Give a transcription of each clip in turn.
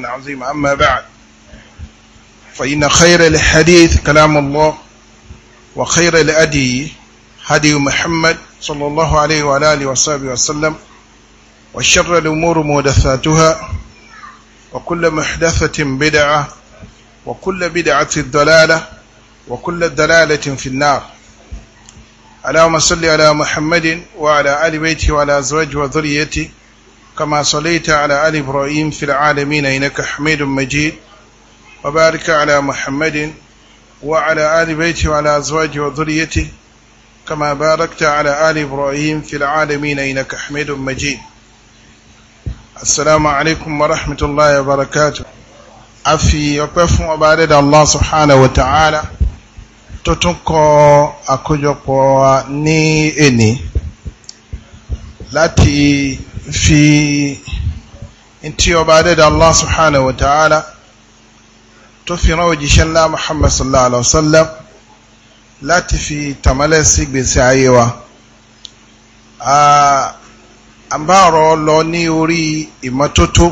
العظيم أما بعد فإن خير الحديث كلام الله وخير الأدي هدي محمد صلى الله عليه وعلى آله وصحبه وسلم وشر الأمور مودثاتها وكل محدثة بدعة وكل بدعة ضلالة وكل دلالة في النار اللهم صل على محمد وعلى آل بيته وعلى أزواجه وذريته كما صليت على آل إبراهيم في العالمين إنك حميد مجيد وبارك على محمد وعلى آل بيته وعلى أزواجه وذريته كما باركت على آل إبراهيم في العالمين إنك حميد مجيد السلام عليكم ورحمة الله وبركاته أفي يقف وبارد الله سبحانه وتعالى تتنقى أكجق وني إني láti fi ntí ọba adẹ́dà Allah subhanahu wa ta'ala tó fi rán òjíṣẹ́ ńlá Muhammad sallallahu alaihi wa sallam láti fi tàmálẹ̀ sí gbèsè ayé wa a bá ọ̀rọ̀ lọ ní orí ìmọ́tótó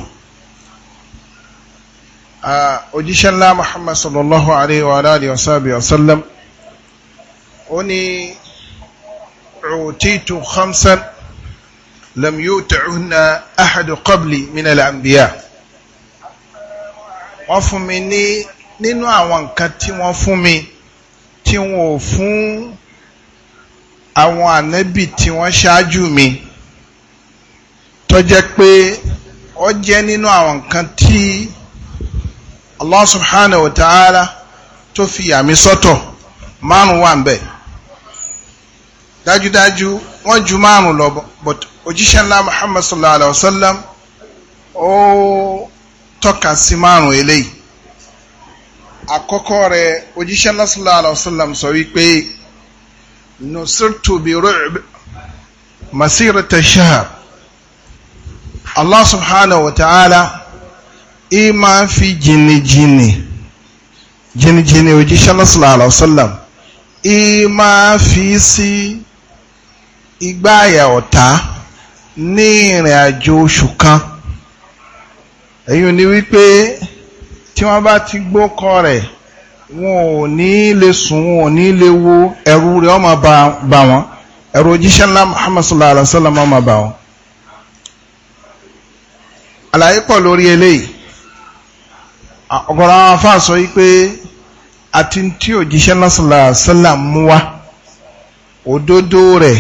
òjíṣẹ́ ńlá Muhammad sallallahu alaihi wa alihi wa ó ní utitu khamsan لم يوتعهن أحد قبلي من الأنبياء wọ́n fún mi ní nínú àwọn nǹkan tí wọ́n fún mi tí wọ́n ò fún àwọn ànábì tí wọ́n ṣáájú mi tó pé ó jẹ́ nínú àwọn nǹkan tí Allah subhanahu wa ta'ala tó fi yà mí márùn wà ń bẹ̀ dájúdájú wọ́n ju márùn lọ but òjíṣẹ́ ńlá Muhammad sallallahu alaihi wasallam ó tọ́ka sí márùn eléyìí àkọ́kọ́ rẹ̀ òjíṣẹ́ ńlá sallallahu alaihi wasallam sọ wípé nusirtu bi ru'b masirata shahr Allah subhanahu wa ta'ala ima fi jìnnìjìnnì jìnnìjìnnì òjíṣẹ́ ńlá sallallahu alaihi wasallam ima fi sí igbáyà ọ̀tá ní ìrìn àjò oṣù kan èyí ni wípé tí wọ́n bá ti gbókọ rẹ̀ wọn ò ní lè sùn wọn ò ní lè wo ẹ̀rù rẹ̀ ó máa bà wọ́n òjíṣẹ́ ńlá Muhammad sallallahu alaihi wa sallam ó máa bà wọ́n. àlàyé pọ̀ lórí eléyìí ọ̀gọ̀rọ̀ àwọn afáà sọ wípé àti tí òjíṣẹ́ ńlá sallallahu alaihi wa sallam mú wá òdodo rẹ̀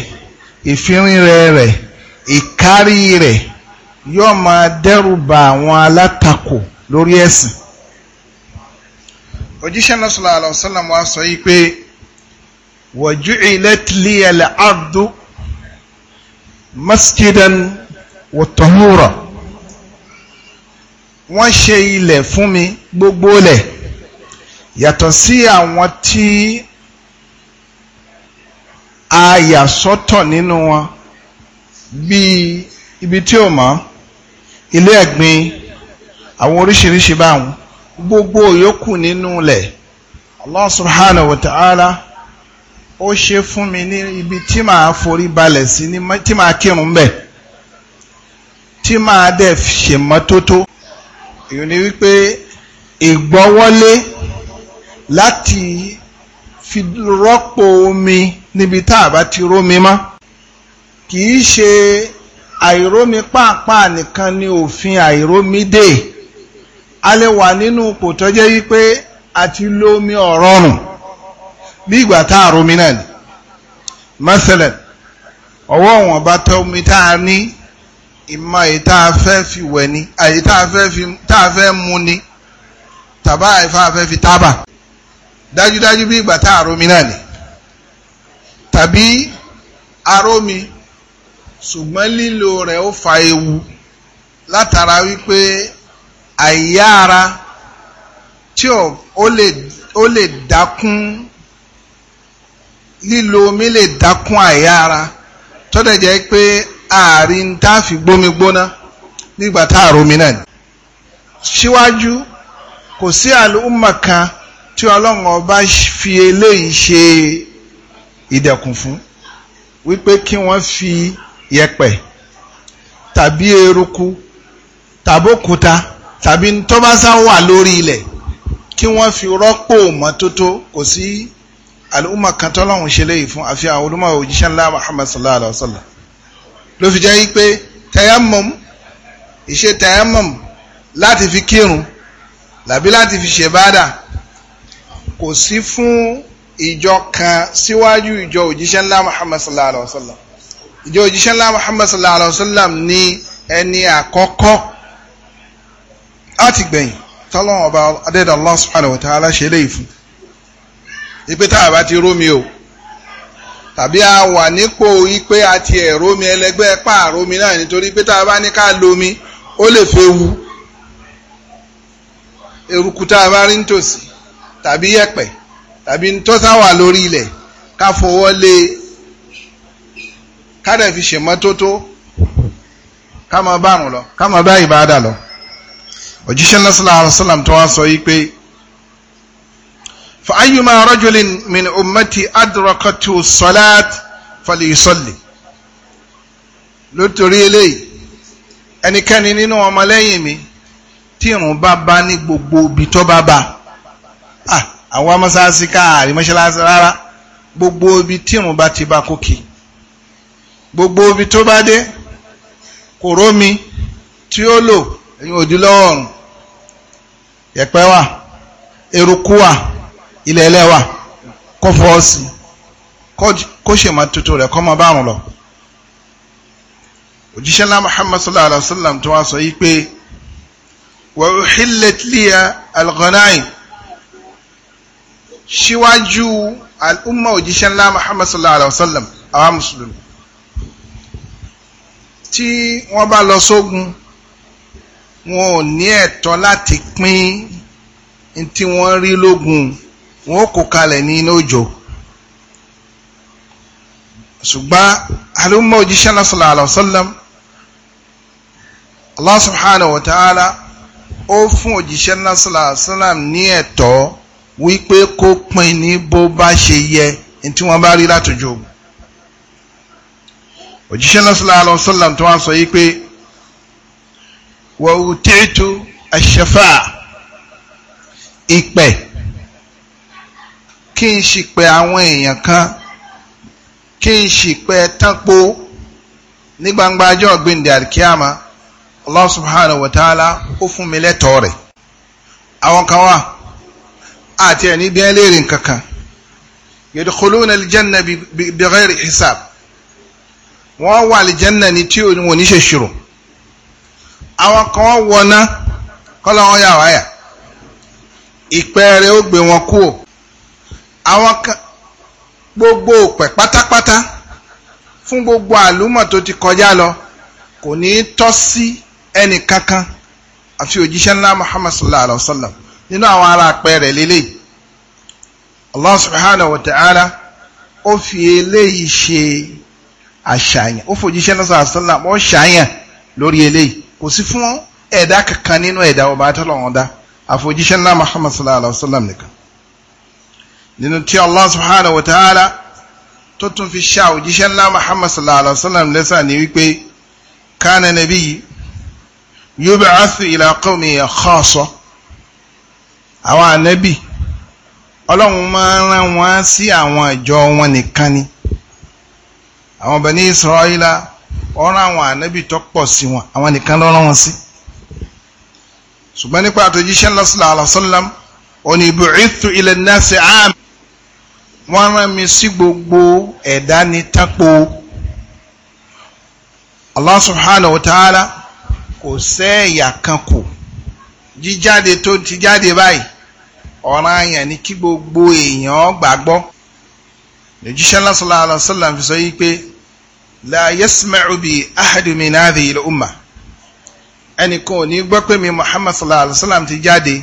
ìfirin rẹ̀ rẹ̀ ìkárí rẹ̀ yóò máa dẹ́rù ba àwọn alátakò lórí ẹ̀sìn òjíṣẹ́ náà sallallahu wa sọ yìí pé waju'ilat liya al-ardu masjidan wa tahura wọ́n ṣe ilẹ̀ fún mi gbogbo lẹ̀ yàtọ̀ sí àwọn tí a yà sọ́tọ̀ nínú wọn bíi ibi tí ò mọ́ ilé ẹ̀gbin àwọn oríṣiríṣi báwọn gbogbo yòókù nínú ilẹ̀ Allah subhanahu wa ta'ala ó ṣe fún mi ní ibi tí màá forí balẹ̀ sí ní tí màá kírun bẹ̀ tí màá dẹ̀ ṣe mọ́tótó èyí ni wípé ìgbọ́wọ́lé láti fi rọ́pò omi níbi tá a bá ti rómi mọ́ kì í ṣe àìrómi pàápàá nìkan ni òfin àìrómi dè a lè wà nínú kò tọ́jẹ́ wípé àti lómi ọ̀rọ̀rùn bí ìgbà tá àrómi náà ni mẹ́sẹ̀lẹ̀ ọwọ́ wọn bá tọ́mi tá a ní ìmọ̀ èyí tá a fẹ́ fi wẹ̀ ni èyí tá a fẹ́ mu ni tàbá àìfá fẹ́ fi tábà dájúdájú bí ìgbà tá àrómi náà ni tàbí àrómi ṣùgbọ́n lílo rẹ̀ ó fa ewu látara wípé àìyára tí ó lè dákún lílo omi lè dákún àìyára tó dẹ̀ jẹ́ pé ààrin tá a fi gbómi gbóná nígbà tá a romi náà síwájú kò sí àlùmọ̀ kan tí ọlọ́run ọba fi eléyìí ṣe ìdẹ̀kùn fún wípé kí wọ́n fi yẹ̀pẹ̀ tàbí eruku tàbókúta tàbí tọ́básá wà lórí ilẹ̀ kí wọ́n fi rọ́pò mọ́tótó kò sí al'umma kan tọ́lọ́hun ṣe léyìí fún àfi àwọn olùmọ̀ òjíṣẹ́ ńlá Muhammad sallallahu alaihi wasallam ló fi jẹ́ pé tayammum ìṣe tayammum láti fi kírun làbí láti fi ṣe bádà kò sí fún ìjọ kan síwájú ìjọ òjíṣẹ́ ńlá Muhammad sallallahu alaihi wasallam ìjọ òjíṣẹ́ ńlá Muhammad sallallahu alayhi wa sallam ní ẹni àkọ́kọ́ láti gbẹ̀yìn tọ́lọ́wọ́n ọba adẹ́dà Allah subhanahu wa ta'ala ṣe lè fún ipe tá a bá ti rómi o tàbí a wà nípò ipe àti ẹ̀rómi ẹlẹgbẹ́ pààrómi náà nítorí pé tá a bá ní ká lomi ó lè fẹ́ wu eruku tá a bá rí nítòsí tàbí yẹ̀pẹ̀ tàbí ntọ́sáwà lórí ilẹ̀ ká fọwọ́ lé e ká dẹ̀ fi ṣèmọ́tótó ká máa bá àrùn lọ ká máa bá ìbáadà lọ òjíṣẹ́ náà sallallahu alaihi wasallam tó wá sọ yìí pé fa ayyuma rajulin min ummati adrakatu salat falyusalli lótórí eléyìí ẹnikẹ́ni nínú ọmọlẹ́yìn mi tí ìrùn bá bá ní gbogbo ibi tó bá bá àwọn mọ́sáàsì káàrí mọ́ṣáláṣí rárá gbogbo ibi tí ìrùn bá ti bá kókè gbogbo omi tó bá dé kò rómi tí ó lò ẹ̀yìn òdì lọ́wọ́ ọ̀run yẹ̀pẹ̀ wà eruku wà ilẹ̀ ẹlẹ́ wà kó fọ́ sí kó ṣe máa tutù rẹ̀ kó máa bá àrùn lọ. òjíṣẹ́ ńlá Muhammad sallallahu alayhi wa sallam tó wá sọ yìí pé wa uhillat liya al-ghanaim síwájú al òjíṣẹ́ ńlá Muhammad sallallahu alayhi wa sallam àwa mùsùlùmí tí wọ́n bá lọ sógun wọn ò ní ẹ̀tọ́ láti pín tí wọ́n rí lógun wọn ò kó kalẹ̀ ní inú òjò ṣùgbọ́n àlùmọ́ òjíṣẹ́ náà sallallahu alaihi wasallam Allah subhanahu wa ta'ala ó fún òjíṣẹ́ náà sallallahu alaihi wasallam ní ẹ̀tọ́ wípé kó pín ní bó bá ṣe yẹ tí wọ́n bá rí látòjú òjíṣẹ́ náà sallallahu alaihi wasallam tó wá sọ yìí pé wa utitu ash-shafa'a ìpè kí n sì pè àwọn èèyàn kan kí n sì pè tánpó ní gbangba ajọ́ ọ̀gbìndì àríkíàmá Allah subhanahu ó fún mi lẹ́tọ̀ọ́ rẹ̀ àwọn kan wà àti ẹni bí ẹ léèrè kankan yadkhuluna al-janna bighayri hisab wọ́n wà lìjẹ́nà ní tí wọ́n ní ṣe àwọn kan wọná kọ́lá wọn yà wáyà ó gbé gbogbo òpẹ́ pátápátá fún gbogbo àlùmọ̀ tó ti kọjá lọ kò ní tọ́ sí ẹnì kankan àfi òjíṣẹ́ ńlá Muhammad sallallahu alayhi wa sallam nínú àwọn ará àpẹ́ lélẹ́yìí Allah subhanahu fi eléyìí ṣe. àṣàyàn ó fòjíṣẹ́ náà sàásánlá ó ṣàyàn lórí eléyìí kò sí fún ẹ̀dá kankan nínú ẹ̀dá ọba atọ́lọ́wọ́n dá àfòjíṣẹ́ náà Muhammad sallallahu alayhi wa sallam nìkan nínú tí Allah subhanahu wa ta'ala tó tún fi ṣá òjíṣẹ́ náà Muhammad sallallahu alayhi wa sallam lẹ́sà ní wípé kánà nàbí yub'athu ila qawmi khassa àwọn ànábì ọlọ́run máa ń rán wọn sí àwọn ìjọ wọn nìkan ni àwọn Bani Israila ọ̀rọ̀ àwọn ànábì tó pọ̀ sí wọn àwọn nìkan lọ́rọ̀ wọn sí ṣùgbọ́n nípa àtòjíṣẹ́ lọ́sílà àlọ́sọ́lám òní bu'ithu ila nasi am wọ́n rán mi sí gbogbo ẹ̀dá ní tápò Allah subhanahu wa ta'ala kò sẹ́ẹ̀yà kan kù jíjáde tó ti jáde báyìí ọ̀ranyàn ni kí gbogbo èèyàn gbàgbọ́ lójúṣẹ́ lásìlá àlásìlá fi sọ yí pé la yasma'u bi ahadu min hadhihi al-umma ẹnìkan ò ní gbọ́ pé mi muhammad sallallahu alaihi wasallam ti jáde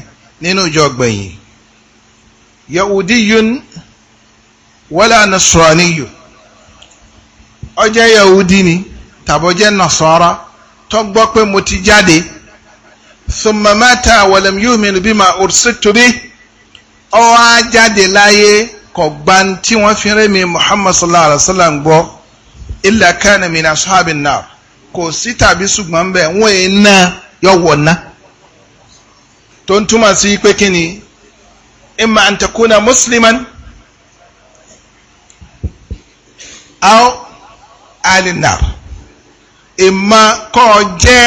nínú ìjọ gbẹ̀yìn yahudiyun wala nasraniyun ó jẹ́ yahudi ni tàbí ó jẹ́ nasara tó gbọ́ pé mo ti jáde thumma mata walam yu'min bima ursiltu bihi ó wá jáde láyé kọ̀gbá tí wọ́n fi rẹ́ mi Muhammad sallallahu alaihi wasallam sallam gbọ́ illa kana min ashabin nar kò sí tàbí ṣùgbọ́n bẹ́ẹ̀ wọ́n è ná yọ̀wọ̀ ná tó ń túmọ̀ sí pé kí ni imma an takuna musliman aw alinar ìmọ̀ kọ́ jẹ́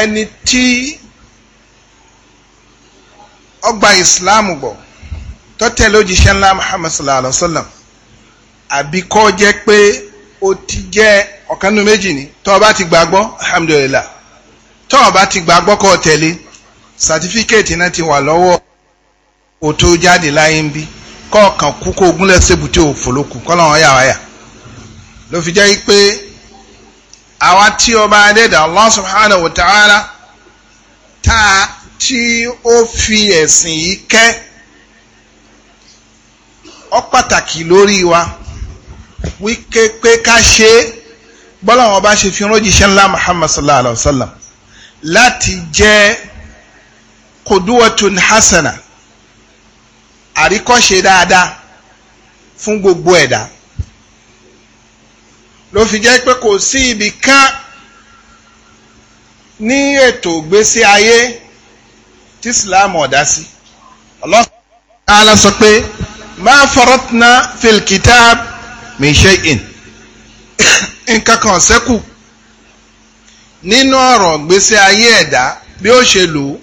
ẹni tí ọgbà ìsìláàmù gbọ́ tó tẹ̀lé òjíṣẹ́ ńlá Muhammad sallallahu alaihi wa sallam àbí kọ́ jẹ́ pé ó ti jẹ́ ọ̀kan nínú méjì ni tó bá ti gbàgbọ́ alhamdulillah tó bá ti gbàgbọ́ kó tẹ̀lé sàtífíkẹ́ẹ̀tì náà ti wà lọ́wọ́ ò tó jáde láyé ń bí kọ́ọ̀kan kú kó gúnlẹ̀ sébùté òfòlókù kọ́lọ́wọ́n yà wáyà ló fi jẹ́ pé àwa tí ọba adẹ́dà Allah subhanahu wa ta'ala tá tí ó fi ẹ̀sìn yìí kẹ́ ọ pàtàkì lórí wa wíké pé ká ṣe é bọ́lá ṣe fi ránjíṣẹ́ ńlá Muhammad sallallahu alaihi wa sallam láti jẹ́ kuduwatun hasana àríkọ́ṣe dáadáa fún gbogbo ẹ̀dá ló fi jẹ́ pé kò sí ibì kan ní ètò ìgbésí ayé tí Islam ọ̀dá sí Allah ta'ala sọ pé ma faratna fil kitab min shay'in nǹkan kan ṣẹ́kù nínú ọ̀rọ̀ gbèsè ayé ẹ̀dá bí ó ṣe lò ó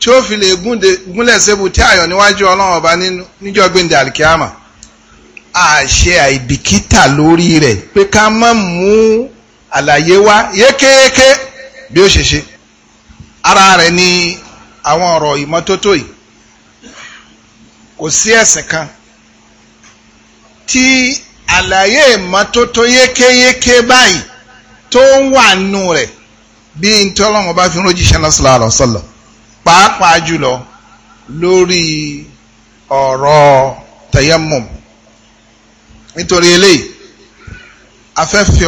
tí ó fi lè gúnlẹ̀ sébù tí àyọ̀ níwájú ọlọ́run ọba níjọ́ gbẹ̀ndẹ̀ alikiyama àṣẹ àìbìkítà lórí rẹ̀ pé ká má mú àlàyé wá yékéyéké bí ó ṣe ṣe ara rẹ̀ ni àwọn ọ̀rọ̀ ìmọ́tótó yìí kò sí ẹ̀sìn kan tí àlàyé ìmọ́tótó yékéyéké báyìí tó ń wà nù rẹ̀ bí n tí ọlọ́run bá fi rójíṣẹ́ náà sallallahu alaihi wasallam pàápàá jùlọ lórí ọ̀rọ̀ tayammum nítorí eléyìí a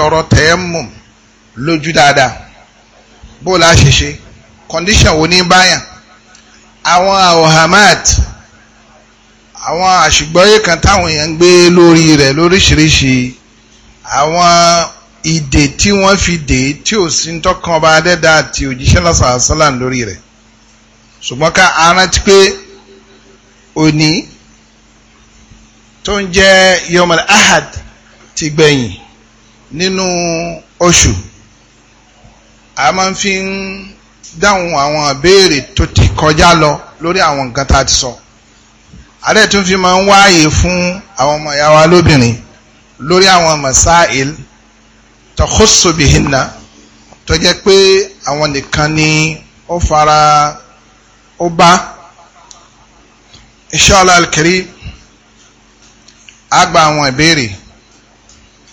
ọ̀rọ̀ tayammum lójú dáadáa bó la ṣe ṣe condition wo ní báyà àwọn aohamat àwọn àṣìgbọ́yé kan táwọn èèyàn ń gbé lórí rẹ̀ lóríṣiríṣi àwọn ìdè tí wọ́n fi dè tí ò sí ń tọ́kàn ọba adẹ́dá àti òjíṣẹ́ lọ́sàásánlá lórí rẹ̀ ṣùgbọ́n ká arántí pé òní tó ń jẹ́ yomar ahad ti gbẹ̀yìn nínú oṣù a máa ń fi ń dáhùn àwọn ìbéèrè tó ti kọjá lọ lórí àwọn nǹkan tá a ti sọ. So adé tún fi máa ń wáyè fún àwọn ọmọ ìyá wa lóbìnrin lórí àwọn masail takhusu bihinna tó jẹ́ pé àwọn nìkan ni ó fara ó bá inshallah al-karim a gba àwọn ìbéèrè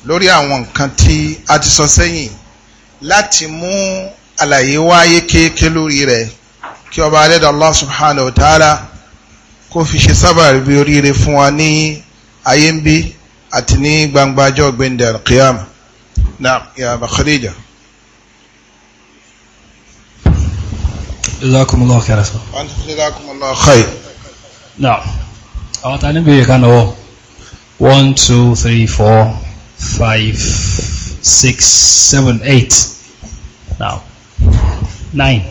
lórí àwọn nǹkan tí a ti sọ sẹ́yìn láti mú àlàyé wáyé kéèké lórí rẹ̀ kí ọba adẹ́dàá Allah subhanahu wa ta'ala kó fi ṣe sábàrí bí oríire fún wa ní ayé ń bí àti ní gbangba ọjọ́ gbẹ̀ndẹ̀ alqiyam náà ya ba Khadija. jazakumullahu khairan. jazakumullahu khairan. náà àwọn tá a níbi ìka náà wọ one two three four five six seven eight now nine.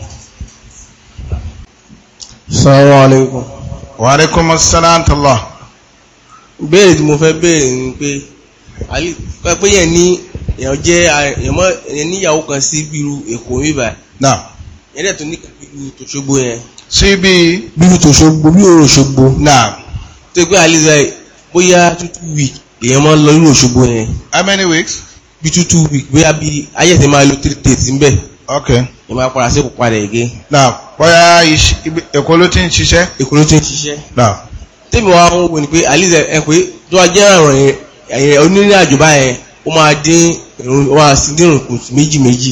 salaamaleykum wàhálẹ́kùn mọ́sálàntàlá béèrè tí mo fẹ́ béèrè ni pé pẹ́pẹ́ yẹn ní èèyàn jẹ́ èèyàn níyàwó kan sí bíru èkó bíbà yẹn dẹ̀ tó ní bíru tòṣogbo yẹn. sí bí bíru tòṣogbo bí òrò ṣogbo. náà tó gbé àlìzà bóyá tútù wì èèyàn máa ń lọ irú òṣogbo yẹn. how many weeks. bí tútù wì bóyá bí ayé ti máa lo three days ń bẹ̀. Okay. Ìwà padà sí ìpàdé igi. Now, bóyá èkó ló ti ń ṣiṣẹ́. Èkó ló ti ń ṣiṣẹ́. Now. Tébì wa ń wò pé Alize ẹ pé tó wá jẹ́ àrùn onírìn àjò báyẹn ó máa dín ìrùn ó meji sí dín ìrùn méjì méjì.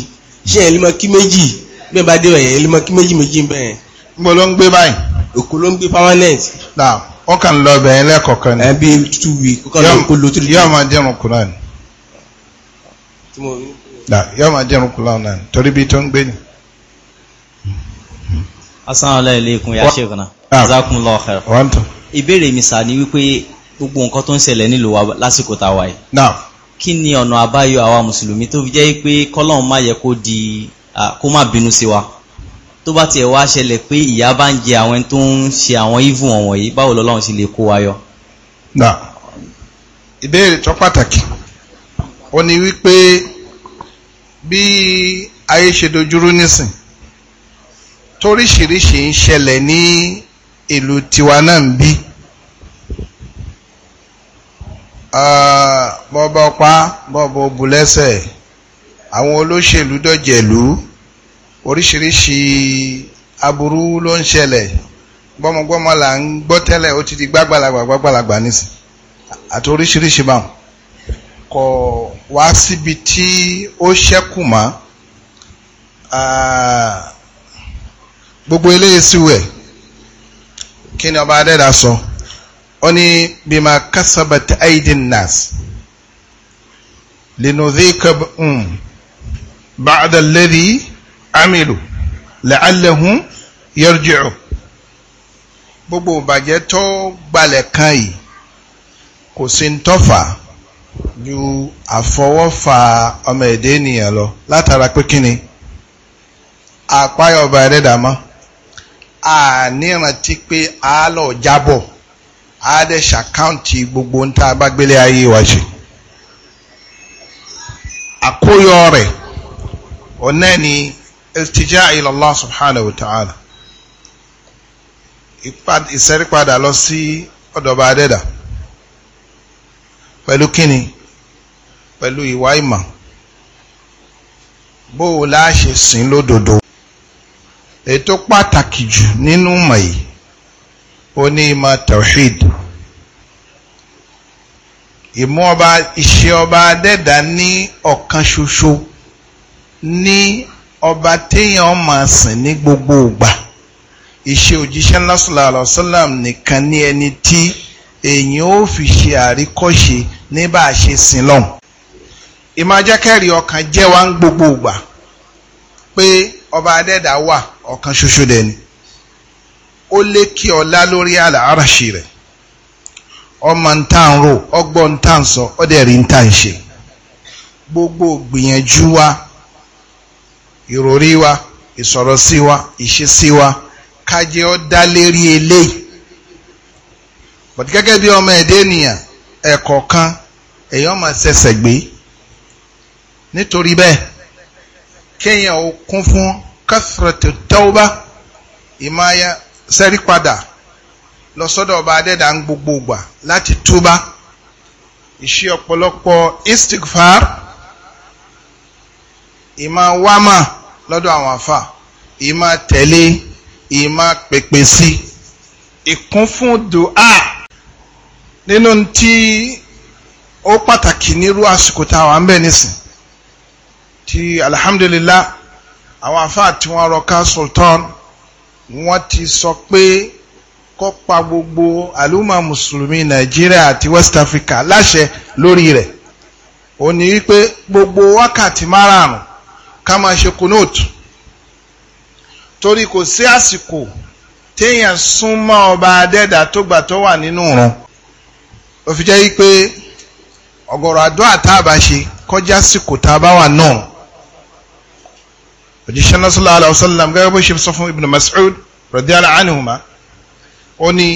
Ṣé ẹ̀ límọ kí méjì bẹ́ẹ̀ bá dé ẹ̀yẹ límọ kí méjì méjì ń bẹ̀yẹn. ló ń gbé báyìí? yóò máa jẹun kù láwọn náà torí bí tó ń gbé ni. asan aleikum ya ṣèkùnà ah. jazakumullahu khairan. ìbéèrè mi sà ni wípé gbogbo nǹkan tó ń ṣẹlẹ̀ nílùú wa lásìkò tá a wà yìí. kí ni ọ̀nà àbáyọ àwa mùsùlùmí tó fi jẹ́ pé kọ́lọ́hún má yẹ kó di kó má bínú sí wa tó bá tiẹ̀ wá ṣẹlẹ̀ pé ìyà bá ń jẹ àwọn tó ń ṣe àwọn ìfún ọ̀wọ̀n yìí báwo lọ́lọ́run ṣe lè kó wa yọ. ìbéèrè tó pàtàkì ó ní wípé bí ayé ṣe dojúrú nísìn toríṣiríṣi ń ṣẹlẹ̀ ní ìlú tiwa náà ń bí bọ́bọ́ pa ah, bọ́bọ́ bùlẹ́sẹ̀ àwọn olóṣèlú dọ̀jẹ̀lú oríṣiríṣi aburú ló ń ṣẹlẹ̀ gbọ́mọgbọ́mọ là ń gbọ́ tẹ́lẹ̀ ó ti di gbàgbàlagbà gbàgbàlagbà nísìn àti oríṣiríṣi báwọn kò wá síbi tí ó ṣẹ́kù mọ́ gbogbo eléyìí sí wẹ̀ kí ni ọba adẹ́dà sọ ó ní bima kasabat aidin nas linudhika um ba'da alladhi amilu la'allahum gbogbo ìbàjẹ́ tó gbalẹ̀ kan yìí kò sí ń tọ́fà ju àfọwọ́fà ọmọ èdè ènìyàn lọ látara pé kíni àpáyọ̀ ọba ẹ̀rẹ́dàmọ́ ànírántí pé àálọ̀ jábọ̀ àádẹ́sà káùntì gbogbo ń tá a bá gbélé ayé wa ṣe àkóyọ rẹ̀ ọ̀nà ni ìtìjà ila Allah subhanahu wa ta'ala ìsẹ́rípadà lọ sí ọ̀dọ̀ba adẹ́dà. pẹ̀lú kíni pẹ̀lú ìwà ìmọ̀ bó o láṣẹ sìn lódodo ètò pàtàkì jù nínú ìmọ̀ yìí ó ní ìmọ̀ tawhid ìmú ọba iṣẹ́ ọba adẹ́dà ní ọ̀kan ṣoṣo ní ọba téèyàn máa sìn ní gbogbo ìgbà iṣẹ́ òjíṣẹ́ ńlá sallallahu alaihi wasallam nìkan ní ẹni tí èyàn ó fi ṣe àríkọ́ṣe ní bá a ṣe sìn lọ́hùn ìmájẹ́kẹ́rì ọkàn jẹ́ wa ń gbogbo ìgbà pé ọba adẹ́dà wà ọ̀kan ṣoṣo dẹ̀ ni ó lékè ọlá lórí àlàáràṣì rẹ̀ ọmọ ń tà ń rò ọgbọ́n ń tà ń sọ ọdẹ rí ń tà ń ṣe gbogbo gbìyànjú wa ìròrí wa ìsọ̀rọ̀ sí wa ìṣesí wa kájẹ́ ọ dá lérí eléyìí bọ̀dí gẹ́gẹ́ bí ọmọ ẹ̀dẹ́ ènìyàn ẹ̀kọ̀ọ̀kan èèyàn máa ṣẹ̀ṣẹ̀ gbé nítorí bẹ́ẹ̀ kéèyàn ó kún fún kásìrọ̀tì tẹ́wọ́bá ìmáyà sẹ́rí padà lọ ọba adẹ́dà gbogbo gbà láti túbá ìṣe ọ̀pọ̀lọpọ̀ istigfar ìmá wámà lọ́dọ̀ àwọn àfà ìmá tẹ̀lé ìmá pèpè sí ìkún fún dùá nínú tí ó pàtàkì nírú àsìkò tá a wà nísìn tí alhamdulillah àwọn àfáà tí wọ́n rọká sultan wọ́n ti sọ pé kó pa gbogbo àlùmọ̀ mùsùlùmí nàìjíríà àti west africa láṣẹ lórí rẹ̀ ó ní wípé gbogbo wákàtí márààrún ká máa ṣe kunóòtù torí kò sí àsìkò téèyàn súnmọ́ ọba adẹ́dà tó gbà tó wà nínú ìrun ó fi jẹ́ wípé ọ̀gọ̀rọ̀ àdúrà tá a bá ṣe kọjá síkò tá náà òjíṣẹ́ náà sallallahu alaihi wasallam gẹ́gẹ́ bó ṣe sọ fún ibn Mas'ud radiyallahu anhuma ó ní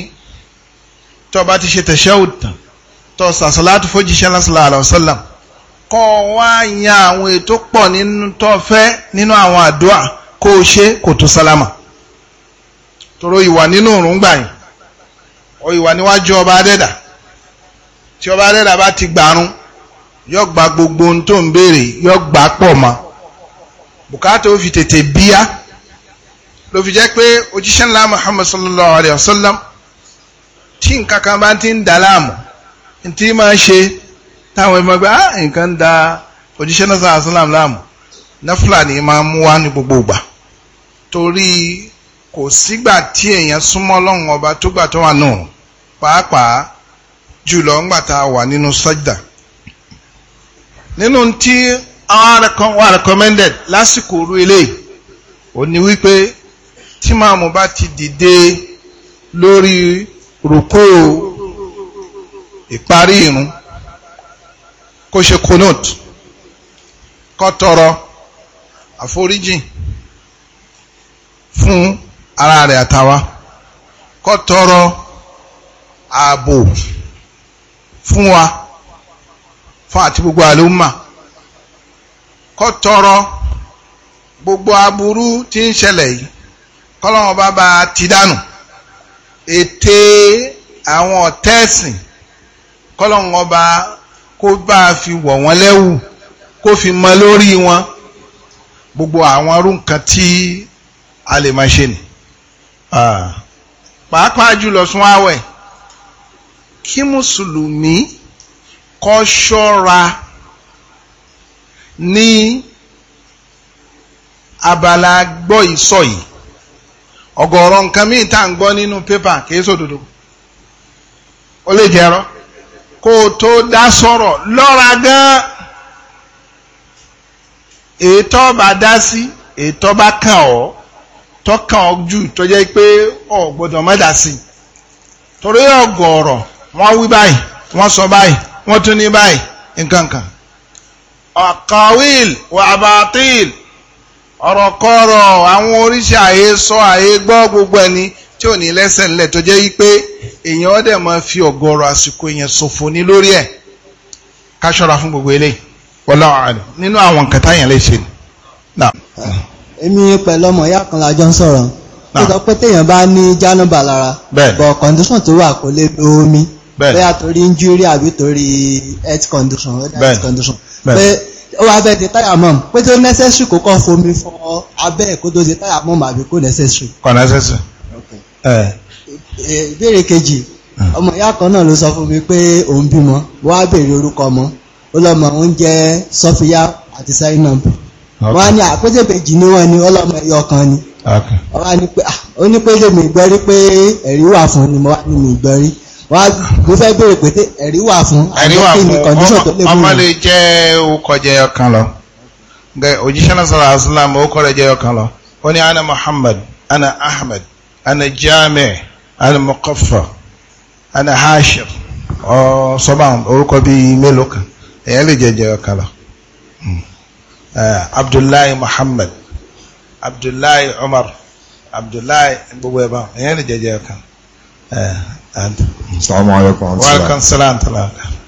tó bá ti ṣe tashahhud tán tó sàṣàlátù fójíṣẹ́ náà sallallahu alaihi wasallam kọ́ wá yan àwọn ètò pọ̀ nínú tó fẹ́ nínú àwọn àdúrà kó o ṣe kò tó sálámà tóró ìwà nínú òrùngbà yìí ó ìwà níwájú ọba adẹ́dàá tí ọba rẹ̀ bá ti gbàrún yọ gba gbogbo ohun tó ń béèrè yọ gbà pọ̀ mọ́ bùkátà ó fi tètè bíyá ló fi jẹ́ pé òjíṣẹ́ ńlá Muhammad sallallahu alayhi wa sallam tí nǹkan kan bá ti ń dà láàmú tí máa ṣe táwọn ẹgbẹ́ gbé ah nǹkan ń da òjíṣẹ́ náà sallallahu alayhi wa sallam láàmú náfúlà ni máa mú wá ní gbogbo ìgbà torí kò sígbà tí èèyàn súnmọ́ Ọlọ́run ọba tó gbà tó wà náà pàápàá jùlọ ńgbà tá a wà nínú sajda nínú tí àwọn wà recommended lásìkò orú ilé ò ní wípé tí màmú bá ti dìde lórí rúkó ìparí irun kó ṣe kunut kó tọrọ àforíjìn fún ara rẹ̀ àtàwa kó tọrọ ààbò fún wa fún àti gbogbo àlùmà kó tọrọ gbogbo aburú tí ń ṣẹlẹ̀ yìí kọ́lọ́wọ́n bá ba ti dànù ète àwọn ọ̀tẹ́ẹ̀sìn kọ́lọ́wọ́n bá kó bá fi wọ̀ wọ́n lẹ́wù kó fi mọ lórí wọn gbogbo àwọn arú nǹkan tí a lè máa ṣe nì ah, pàápàá jùlọ sún àwẹ̀. kí mùsùlùmí kọ́ ṣọ́ra ní abala gbọ́ ìsọ yìí ọ̀gọ̀ọ̀rọ̀ nǹkan míì tá à ń gbọ́ nínú pépà kìí sòdodo ó lè jẹrọ kó o tó dá sọ̀rọ̀ lọ́ra gan-an ètò ọba dá sí ètò ọba kàn ọ́ tọ́kàn ọ́ jù tó jẹ́ pé ọ̀ gbọ́dọ̀ má dá sí torí ọ̀gọ̀ọ̀rọ̀ wọ́n wí báyìí wọ́n sọ báyìí wọ́n tún ní báyìí nkankan. ọ̀kàwíl wà àbàtìl ọ̀rọ̀ kọ́rọ̀ àwọn oríṣi àyè sọ àyè gbọ́ gbogbo ẹni tí ò ní lẹ́sẹ̀ ńlẹ̀ tó jẹ́ pé èèyàn ọ̀dẹ̀ máa fi ọ̀gọ̀rọ̀ àsìkò yẹn ṣòfò ní lórí ẹ̀ ká ṣọ́ra fún gbogbo eléyìí wọlá àlẹ nínú àwọn nǹkan táyàn lè ṣe ni. èmi pẹ̀lú ọmọ ìyá kan la ń sọ̀rọ̀ sọ pé téèyàn bá ní jánúbà lára bọ̀ kọ̀ǹdíṣàn tó wà lè lo omi. bẹ́ẹ̀ torí injury àbí torí health condition health condition pé ó wá fẹ́ di táyà mọ́m pé tó necessary kó kọ́ fomi fọ abẹ́ kó tó di táyà mọ́m àbí kó necessary. kò necessary. ìbéèrè kejì hmm. ọmọ ìyá kan náà ló sọ fún mi pé òun bímọ wọ́n á béèrè orúkọ ọmọ ó lọ́mọ oúnjẹ sọfíà àti sinab wọ́n á ní àpéjèbèjì ni wọ́n ní ọlọ́mọ ẹ̀yọ kan ni wọ́n á pé ó ní pé lèmi gbẹ́rí pé ẹ̀rí wà fún ni mo wá ní mi gbẹ́rí wá mo fẹ́ béèrè pé ẹ̀rí wà fún àjọkí ni condition tó lè mú un. ọmọ lè jẹ́ okọ̀ jẹyọ kan lọ òjíṣẹ́ náà sọ̀rọ̀ àṣìlám okọ̀ rẹ̀ jẹyọ kan lọ ó ní ana muhammad ana ahmed ana jami ana muqaffa ana hashir sọ́bàn orúkọ bíi mélòó kan èèyàn lè jẹ jẹyọ kan lọ hmm. abdullahi muhammad abdullahi umar abdullahi gbogbo ẹ̀ bá èèyàn lè jẹ jẹyọ kan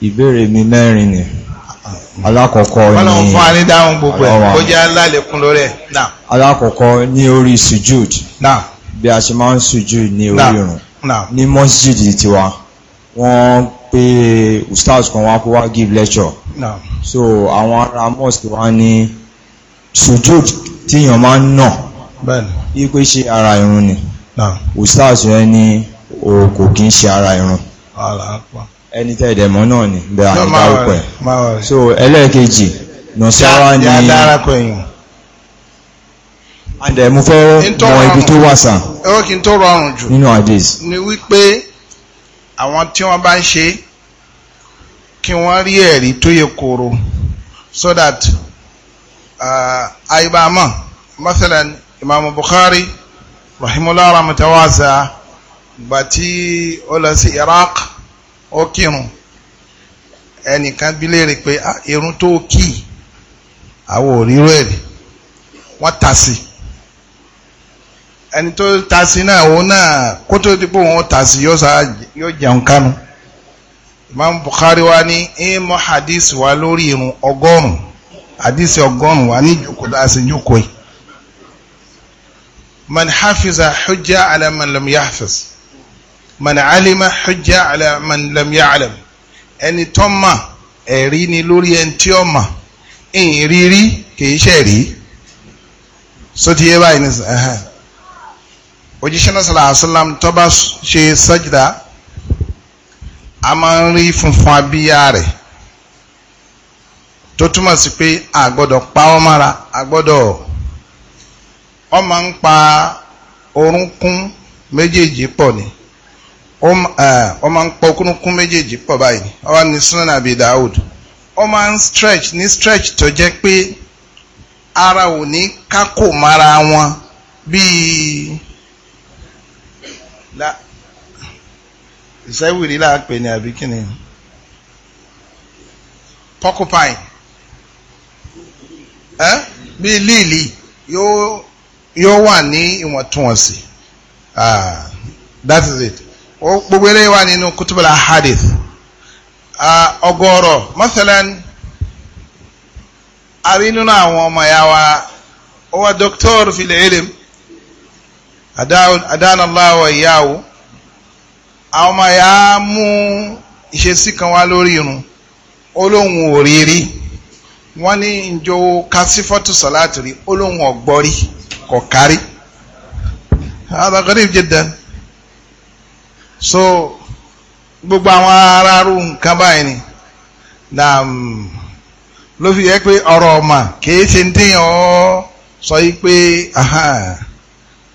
ìbéèrè mi mẹ́rin ni alákọ̀ọ́kọ́ ni ọlọ́run fún àní dáhùn gbogbo ẹ̀ ó jẹ́ alálẹ̀kún lórí ẹ̀ náà alákọ̀ọ́kọ́ ní orí sujud náà bí a ṣe máa ń sujud ní orí irun ní mọ́síjìdì tiwa wọ́n pé ustaz kan wá kó wá give lecture so àwọn ará mosque wá ní sujud tíyàn máa ń nà bí pé ṣe ara irun ni ustaz yẹn ní o kò kí ń ṣe ara irun ẹni tẹ́ ìdẹ̀mọ́ náà ni bẹ́ẹ̀ àyíká òpẹ́ so ẹlẹ́ẹ̀kejì nọ̀sára ni àndẹ̀ mo fẹ́ mọ ibi tó wà sàn ẹwọ́ kí n tó rọrùn jù nínú àdís ni wípé àwọn tí wọ́n bá ń ṣe kí wọ́n rí ẹ̀rí tó yẹ kóró so that àyíbá mọ́sálẹ̀ Imam Bukhari rahimahullah rahmatawasa gbà tí ó lọ sí Iraq ó kírun ẹnìkan bi léèrè pé ah, irun tó kì í àwọn ò rírọ ẹ̀ wọ́n ta sí ẹni tó ta sí náà òun náà kó tó di pé òun ta sí yóò jẹun kánú Imam Bukhari wa ní ìmọ̀ hadith wa lórí irun ọgọ́rùn-ún hadith ọgọ́rùn-ún wa ní ìjókòó láti jókòó yìí man hafiza hujja ala man yahfiz man alima hujja ala man lam ya'lam ẹni tó mà ẹ̀rí ni lórí ẹni tí ó mà ẹ̀yìn rírí kìí ṣe rí sóti yé báyìí ní ẹ̀hẹ́n òjíṣẹ́ náà sọ̀rọ̀ àṣọlám tó bá ṣe sọ́jìdá a máa ń rí funfun abíyá rẹ̀ tó túmọ̀ sí pé a gbọ́dọ̀ pa ọ́ mára a gbọ́dọ̀ ọ máa ń pa orúnkún méjèèjì pọ̀ ni. ó máa ń méjèèjì pọ̀ báyìí ó ní sunan abi dawud ó ń stretch ní stretch tó jẹ́ pé ara ò ní kákò mára wọn bíi la láàpẹ̀ ní àbí porcupine ẹ́ líìlì yóò wà ní ìwọ̀ntúnwọ̀nsì ah that is it. gbogbo eléyìí wà nínú kutubula hadith ọgọ́rọ̀ masalan ari nínú àwọn ọmọ ya wa ó wà dọ́kítọ́rù filẹ̀ ilim adánàláwọ̀ ìyáwó àwọn ọmọ ya mú ìṣesí kan wá lórí irun olóhùn òrírí wọ́n ní ìjọ kásífọ́tù sọ̀láàtì rí olóhùn ọ̀gbọ́rí kọ̀kárí. هذا غريب جدا so gbogbo àwọn aráàlú nǹkan báyìí ni ló fi yẹ pé ọ̀rọ̀ ọ̀mà kìí ṣe ń sọ yí pé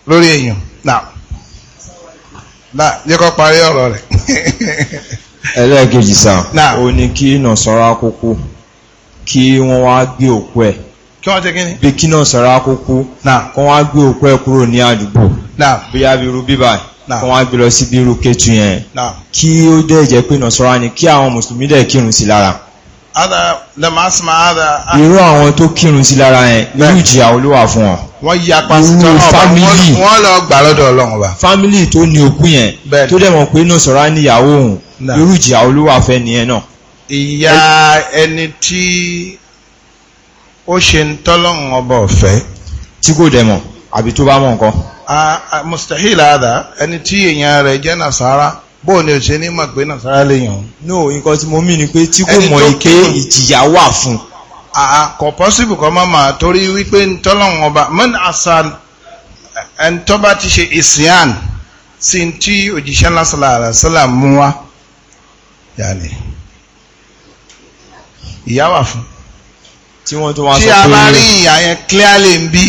lórí èèyàn na jẹ́ kó parí ọ̀rọ̀ rẹ̀. ẹlẹ́ẹ̀kejì na ó ní kí nọ̀sọ́rọ́ àkókò kí wọ́n wá gbé òkú ẹ̀ kí wọ́n bí kí kí wọ́n wá gbé òkú ẹ̀ kúrò kọ́ wọ́n gbé lọ sí bí irú kétu yẹn kí ó dẹ̀ jẹ́ pé nọ̀sọ́ra ni kí àwọn mùsùlùmí dẹ̀ kírun sí lára. Ah. irú àwọn tó kírun sí lára yẹn irú ìjìyà olúwa fún wọn. wọ́n yí apá sí tọ́lọ́ ọba wọ́n lọ gbà lọ́dọ̀ ọlọ́run ọba. fámìlì tó ní òkú yẹn tó dẹ̀ mọ̀ pé nọ̀sọ́ra níyàwó òun irú ìjìyà olúwa fẹ́ nìyẹn náà. ìyá ẹni tí ó ṣe ń tọ́lọ́run ọba ọ̀fẹ́. tí kò dẹ̀ mọ̀ àbí tó bá mọ̀ nǹkan. mustahil ada ẹni tí èèyàn rẹ̀ jẹ́ nasara bó ni o ṣe ní mọ̀ pé nasara lè yàn. no nǹkan tí mo mí ni pé tí kò mọ̀ ike ìjìyà wà fún. kò possible kọ́ máa torí wípé ntọ́lọ́run ọba mọ́n àṣà ẹni tó bá ti ṣe ìsìnyàn sí ti òjíṣẹ́ lásìlá àlàsílà mú wa yàní ìyá wà fún. tí wọ́n tó wá sọ pé tí a bá rí ìyá yẹn clearly ń bí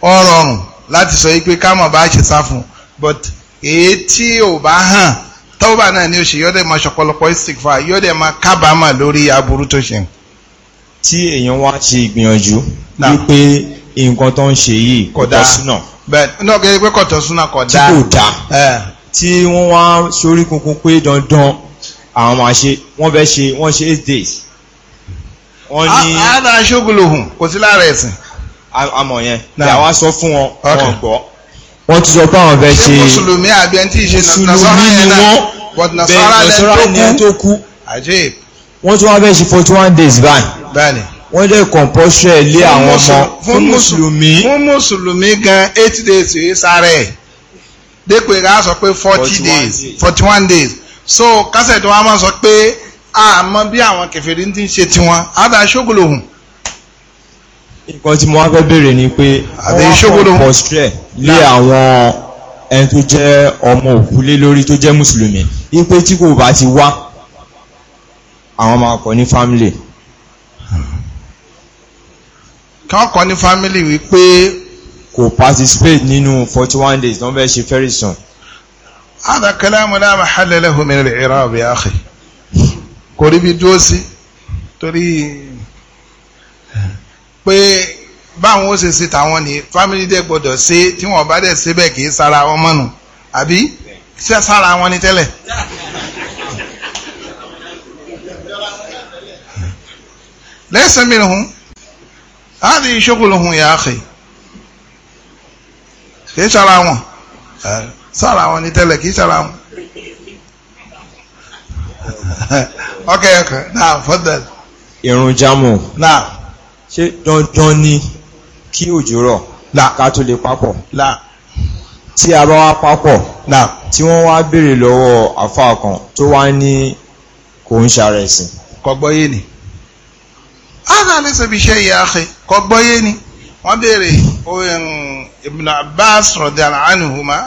ọ rọrùn láti sọ yí pé kámọ̀ bá ṣe sá fún but èyí tí ò bá hàn tọ́wọ́bà náà ni ó ṣe yọ́dẹ̀ máa ṣọ̀pọ̀lọpọ̀ istikfa yọ́dẹ̀ máa kábàámà lórí aburú tó ṣe. tí èèyàn wá ṣe ìgbìyànjú wípé nǹkan tó ń ṣe yìí kò tọ́ súnà. bẹ́ẹ̀ ní ọ̀gá pé kò tọ́ súnà kò dáa tí kò dáa tí wọ́n wá sórí kunkun pé dandan àwọn máa ṣe wọ́n fẹ́ ṣe wọ́n ṣe eight days. wọ́n ní. àádọ́ aṣọ́gun kò sí lára ẹ̀sìn amọ̀ yẹn tí àwa sọ fún wọn wọn gbọ́. wọ́n ti sọ pé àwọn fẹ́ ṣe mùsùlùmí àbí ẹni tí ì ṣe nasara yẹn náà bẹ́ẹ̀ nasara tó kú wọ́n tún wá fẹ́ ṣe forty one days báyìí wọ́n dẹ̀ compulsory lé àwọn ọmọ fún mùsùlùmí. fún mùsùlùmí gan eight days yìí sáré ẹ̀ dépò ìka sọ pé forty days forty one days so kásẹ̀ tí wọ́n á máa sọ pé àmọ́ bí àwọn kẹfẹ́rí ti ń ṣe tiwọn àdá ṣógùlò hùn nǹkan tí mo wá fẹ́ béèrè ni pé wọ́n pọ̀ strẹ̀ lé àwọn ẹni tó jẹ́ ọmọ òkú lé lórí tó jẹ́ mùsùlùmí ni pé tí kò bá ti wá àwọn máa kọ̀ ní fámílì. káwọn kọ̀ ní fámílì wípé. kò participate nínú forty one days tó ń fẹ́ ṣe fẹ́rì sàn. هذا كلام لا محل له من الإعراب يا أخي قريب جوسي تري pé báwọn ó ṣe ṣe tàwọn ní family dẹ̀ gbọ́dọ̀ ṣe tí wọ́n bá dẹ̀ ṣe bẹ́ẹ̀ kì í sára wọn mọ́nu àbí ṣe sára wọn ní tẹ́lẹ̀. lẹ́sẹ̀ mi hùn láti ìṣókòlò hùn yà á kì í sára wọn sára wọn ní tẹ́lẹ̀ kì í sára wọn. okay okay now further. irun jamu. now ṣé dandan ni kí òjò rọ̀ ká tó lè papọ̀ tí a bá wá papọ̀ tí wọ́n wá béèrè lọ́wọ́ àfáà tó wá ní kò ń ṣàrẹ̀ sí. kọgbọ́yé ni ádá lè ṣe bí iṣẹ́ ìyá àkè kọgbọ́yé ni wọ́n béèrè Ibn Abbas radiyallahu anhuma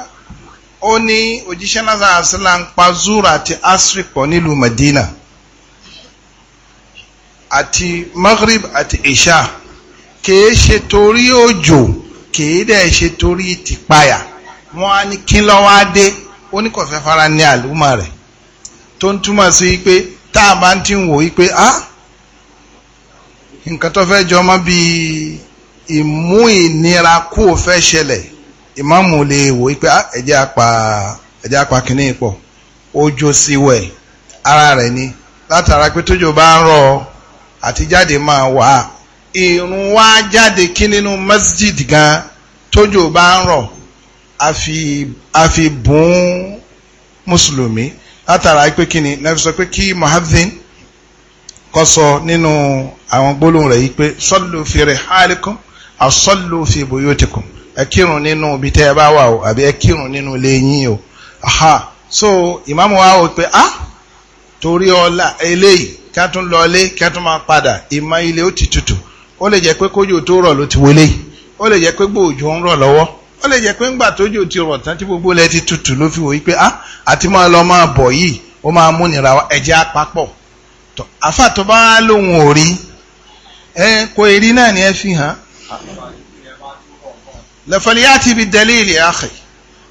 ó ní òjíṣẹ́ náà sàásìlà ń pa zura àti asri pọ̀ nílùú Madina àti maghrib àti isha kìí ṣe torí òjò kìí dẹ̀ ṣe torí tìpayà wọ́n á ní kí lọ́wọ́ á dé ó ní kọ̀fẹ́ fara ní àlùmọ̀ rẹ̀ tó ń túmọ̀ sí wípé tá a bá ń ti wò wípé á nǹkan tó fẹ́ jọ mọ́ bí ìmú ìnira kó o fẹ́ ṣẹlẹ̀ ìmáàmù lè wò wípé á ẹ̀jẹ̀ apá ẹ̀jẹ̀ apá kìíní pọ̀ òjò sí wẹ̀ ara rẹ̀ ni látara pé tójò bá ń rọ̀ ọ́ àti jáde máa wà á ìrun wá jáde kí nínú masjid gan tójò bá ń rọ̀ a fi bùn mùsùlùmí látara pé kí ni nàfi sọ pé kí muhammadin kọ́ sọ nínú àwọn gbólóhùn rẹ̀ yìí pé sallu fi rihalikum aw sallu fi buyutikum ẹ nínú ibi tẹ́ ẹ bá wà o àbí ẹ nínú ilé yín o so ìmáàmù wa wò pé ah torí ọlá eléyìí ká tún lọlé ká tún máa padà ìmọ̀ ilé ó ti tutù ó lè jẹ́ pé kójò tó rọ̀ ló ti wọlé ó lè jẹ́ pé gbòòjò ń rọ̀ lọ́wọ́ ó lè jẹ́ pé ńgbà tójò ti rọ̀ tán tí gbogbo ilẹ̀ ti tutù ló fi wò wípé ah àti máa lọ máa bọ̀ yìí ó máa mú nira ẹ̀jẹ̀ àpapọ̀ àfà tó bá lóun ò rí ẹ kò èrí náà ni ẹ fi hàn lẹ́fọ̀lìyàtì bi dẹ́líìlì àkè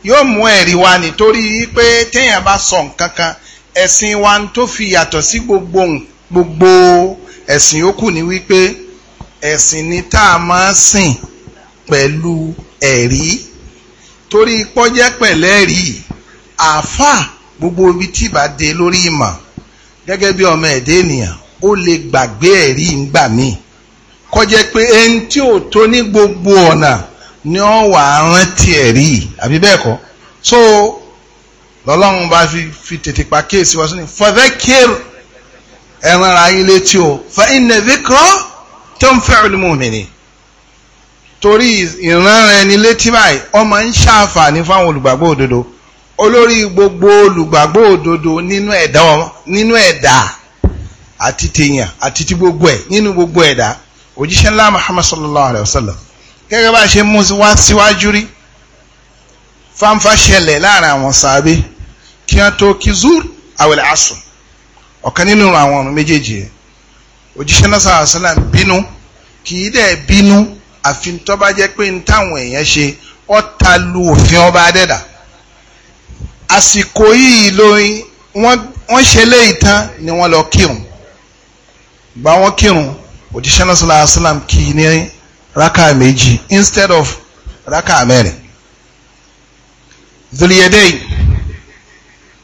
yóò mú ẹ̀rí wa nítorí pé téèyàn bá sọ nǹkan kan ẹ̀sìn wa tó fi yàtọ̀ sí gbogbo nǹkan gbogbo ẹ̀sìn yòókù ni wípé ẹ̀sìn ni tá a máa sìn pẹ̀lú ẹ̀rí torí pọ́jẹ́ pẹ̀lẹ́rí àáfà gbogbo ibi tí ìbá dé lórí ìmọ̀ gẹ́gẹ́ bí ọmọ ẹ̀dẹ́ ènìyàn ó lè gbàgbé ẹ̀rí ńgbà míì kọjẹ́ pé ẹni tí ò tó ní gbogbo ọ̀nà ni ó wà rántí ẹ̀rí àbí bẹ́ẹ̀ kọ́ so lọ́lọ́run bá fi tètè pa kéèsì wá sí ni fọ́fẹ́ kéèrè ẹ rán ara yín létí o fa inna dhikra tanfa'ul mu'minin torí ìránra ẹni létí báyìí ọmọ ń ṣàǹfààní fáwọn olùgbàgbọ́ òdodo olórí gbogbo olùgbàgbọ́ òdodo nínú ẹ̀dá nínú ẹ̀dá àti tèèyàn àti ti gbogbo ẹ̀ nínú gbogbo ẹ̀dá òjíṣẹ́ ńlá Muhammad sallallahu alayhi wa sallam gẹ́gẹ́ bá a ṣe mú wá síwájú rí fáńfà ṣẹlẹ̀ láàrin àwọn sàábé kí wọ́n tó kí zur àwẹ̀lẹ̀ asùn ọ̀kan nínú àwọn ọ̀run méjèèjì yẹn òjíṣẹ́ náà sàrà sálà bínú kì í dẹ̀ bínú àfi tó bá jẹ́ pé táwọn èèyàn ṣe ó ta lu òfin ọba adẹ́dà àsìkò yìí lóyún wọ́n ṣe léyìí tán ni wọ́n lọ kírun gba wọn kírun òjíṣẹ́ náà sàrà sálà kì í ní rákà méjì instead of rákà mẹ́rin. Dhul Yadayn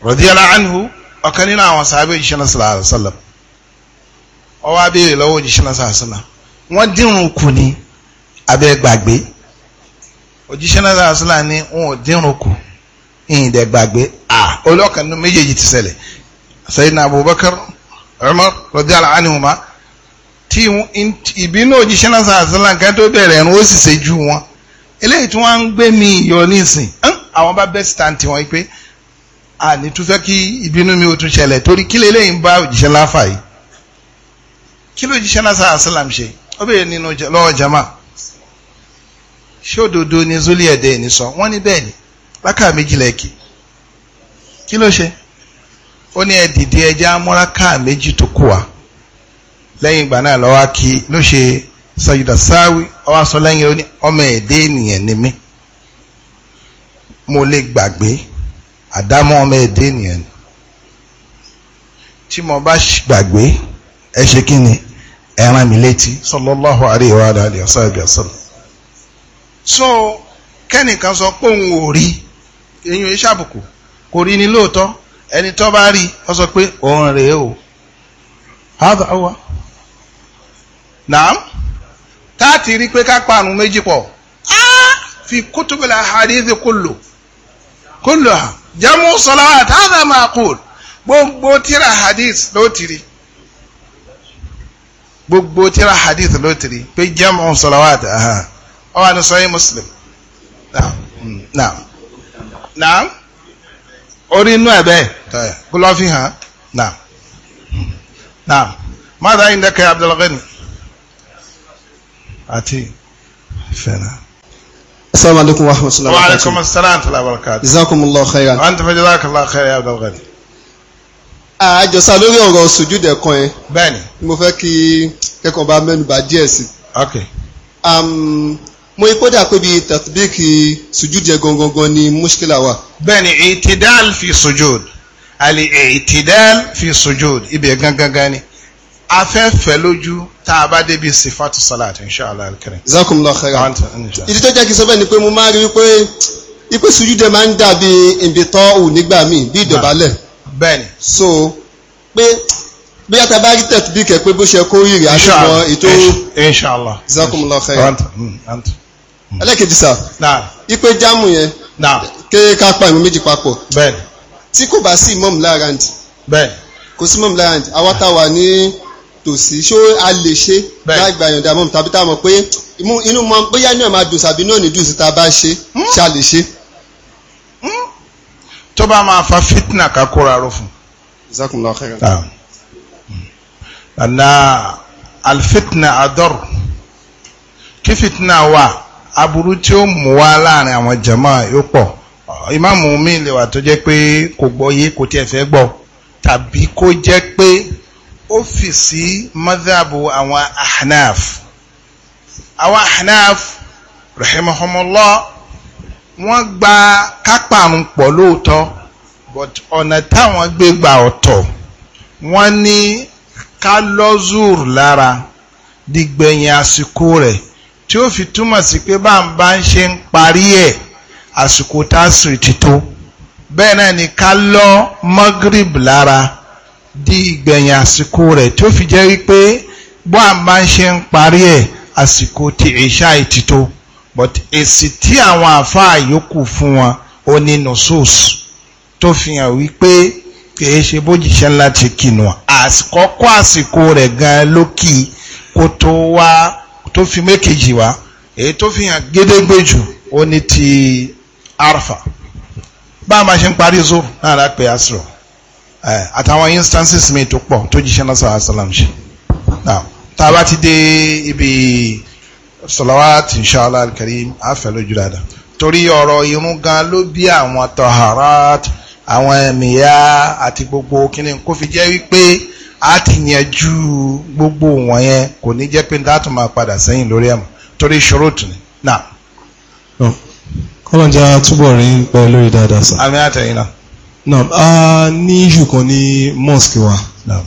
radiyallahu anhu ọ̀kan nínú àwọn sàábé òjíṣẹ́ náà sallallahu alaihi wasallam ó wá béèrè lọ́wọ́ òjíṣẹ́ náà sallallahu alaihi wasallam wọ́n dírun kù ní abẹ́ gbàgbé òjíṣẹ́ náà sallallahu alaihi wasallam ní wọn ò dírun kù ìyìn dẹ̀ gbàgbé à olóòkan nínú méjèèjì ti ṣẹlẹ̀ Sayyidina Abubakar Umar radiyallahu anhuma tí ìbínú òjíṣẹ́ náà sallallahu alaihi wasallam tó bẹ̀rẹ̀ ẹ̀rùn ó sì ṣe ju wọn eléyìí tí wọ́n ń gbé mi ìyọ nísìn àwọn bá bẹ́ẹ̀ a ní tún fẹ́ kí ìbínú mi ò tún ṣẹlẹ̀ torí kí lélẹ́yìn bá òjíṣẹ́ láfà yìí kí ló jíṣẹ́ náà sáà ṣe ó bèèrè nínú lọ́wọ́ jama ṣé òdodo ni zoli ẹ̀dẹ́ ní sọ wọ́n ní bẹ́ẹ̀ ni láká méjìlá ẹ̀kì kí ló ṣe ó ní ẹ̀dìdì ẹja amúraká méjì tó kù wá lẹ́yìn ìgbà náà lọ́wọ́ kí ló ṣe sayida sáwí ọwọ́ sọ lẹ́yìn ọmọ ẹ̀dẹ́ ènìyàn ni mí mo lè gbàgbé àdámọ́ ọmọ èdè nìyẹn tí mo bá gbàgbé ẹ ṣe kí ni ẹ létí so kẹ́nìkan sọ pé òun ò rí eyín ìṣàbùkù kò rí ni lóòótọ́ ẹni tó bá rí ọ sọ pé òun rèé o hádà wà naam táàtì rí pé ká méjì pọ̀ fi kútùbìlà hadith kullu ha. jamu salawat hadha maqul gbogbo tírà hadith ló ti rí gbogbo tírà hadith ló ti rí pé jamu salawat ọ wà ní sọyí muslim naam naam orí inú ẹ̀ bẹ́ẹ̀ kó lọ́ fi hàn naam naam mada indaka abdulghani àti fẹ́ràn. السلام عليكم ورحمة الله وبركاته وعليكم السلام ورحمة الله وبركاته جزاكم الله خيرا وأنت فجزاك الله خير يا عبد الغني àjọsá lórí ọ̀rọ̀ sùjúdẹ̀ kan yẹn. bẹ́ẹ̀ni. mo fẹ́ kí kẹ́kọ̀ọ́ bá mẹ́nu bá díẹ̀ sí. ok. mo yí kódà pé bíi tàbíkì sùjúdẹ̀ gangan ni mushkila wa. bẹ́ẹ̀ni ìtìdáàl fi sùjúd àlè ìtìdáàl fi sùjúd ibẹ̀ gangan ni afẹ́fẹ́ lójú tá a bá débi sifatu salat inshallah alkarim. zakumullah khairan ìdí tó jẹ́ kí n sọ bẹ́ẹ̀ ni pé mo máa rí i pé ipe sujúdẹ máa ń dàbí ìbìtọ́ ò nígbà míì bí ìdọ̀bálẹ̀. so pé bí ata bá rí tẹ̀tù bí kẹ̀ pé bó ṣe kó rírì àṣùwọ̀n ètò inshallah zakumullah khairan. Hmm, hmm. ẹlẹ́kejì sà ipe jámù yẹn kéré ká pa ìmú méjì papọ̀ tí kò bá sí mọ́mù lára ǹdí kò sí mọ́mù lára ǹdí àwọn táwa ní tòsí ṣó a lè ṣe láì gba ìyọ̀ǹda mọ́mù tàbí tá a mọ̀ pé inú mọ́ bóyá inú ẹ̀ máa dùn sàbí náà ní dùn sí ta bá ṣe hmm? ṣá lè ṣe. Hmm? tó bá máa fa fitna ká kóra fún. jazakumullahu ah. alfitna adọ́r kí fitna wà aburú tí ó mú wá láàrin àwọn jama yóò pọ̀ ìmáàmù mi lè wà tó jẹ́ pé kò gbọ́ yé kò tiẹ̀ fẹ́ gbọ́ tàbí kó jẹ́ pé ó fi sí madhabu àwọn ahnaf àwọn ahnaf rahimahumullah wọ́n gba kápárun pọ̀ lóòótọ́ but ọ̀nà táwọn gbé gba ọ̀tọ̀ wọ́n ní ká lọ́zùr lára dìgbẹ̀yìn àsìkò rẹ̀ tí ó fi túmọ̀ sí pé bá ń bá ń ṣe ń parí ẹ̀ àsìkò tásìrì ti tó bẹ́ẹ̀ náà ni ká lọ́ lára di ìgbẹ̀yìn àsìkò rẹ̀ tí ó fi jẹ́ wípé bó a máa ń ṣe ń parí ẹ̀ àsìkò ti ìṣá ìtìtò but èsì tí àwọn àfáà yòókù fún wọn ó ní nosus tó fi hàn wípé kìí ṣe bójìṣẹ́ ńlá ti kìnnù àkọ́kọ́ àsìkò rẹ̀ gan-an lókì kó tó wá tó fi mékejì wá èyí tó fi hàn gédégbé jù ó ní ti arfa bá a máa ṣe ń parí zoo náà lápẹ́ asro àtàwọn instances mi tó pọ̀ tó jíṣẹ́ náà sọ̀rọ̀ asalaam ṣe tá a bá ti dé ibi salawat inshallah al-karim àfẹ́ lójú dáadáa torí ọ̀rọ̀ irun gan ló bí àwọn taharat àwọn ẹ̀mìyà àti gbogbo kíni kó fi jẹ́ wípé a ti yanjú gbogbo wọn yẹn kò ní jẹ́ pé dátùn máa padà sẹ́yìn lórí ẹ̀mọ́ torí ṣòrótù ni náà. kọ́lọ́njà túbọ̀ rí pẹ́ lórí dáadáa sọ. àmì àtẹ̀yìn náà. Naam, a ní issue kan ní mosque wa. Naam.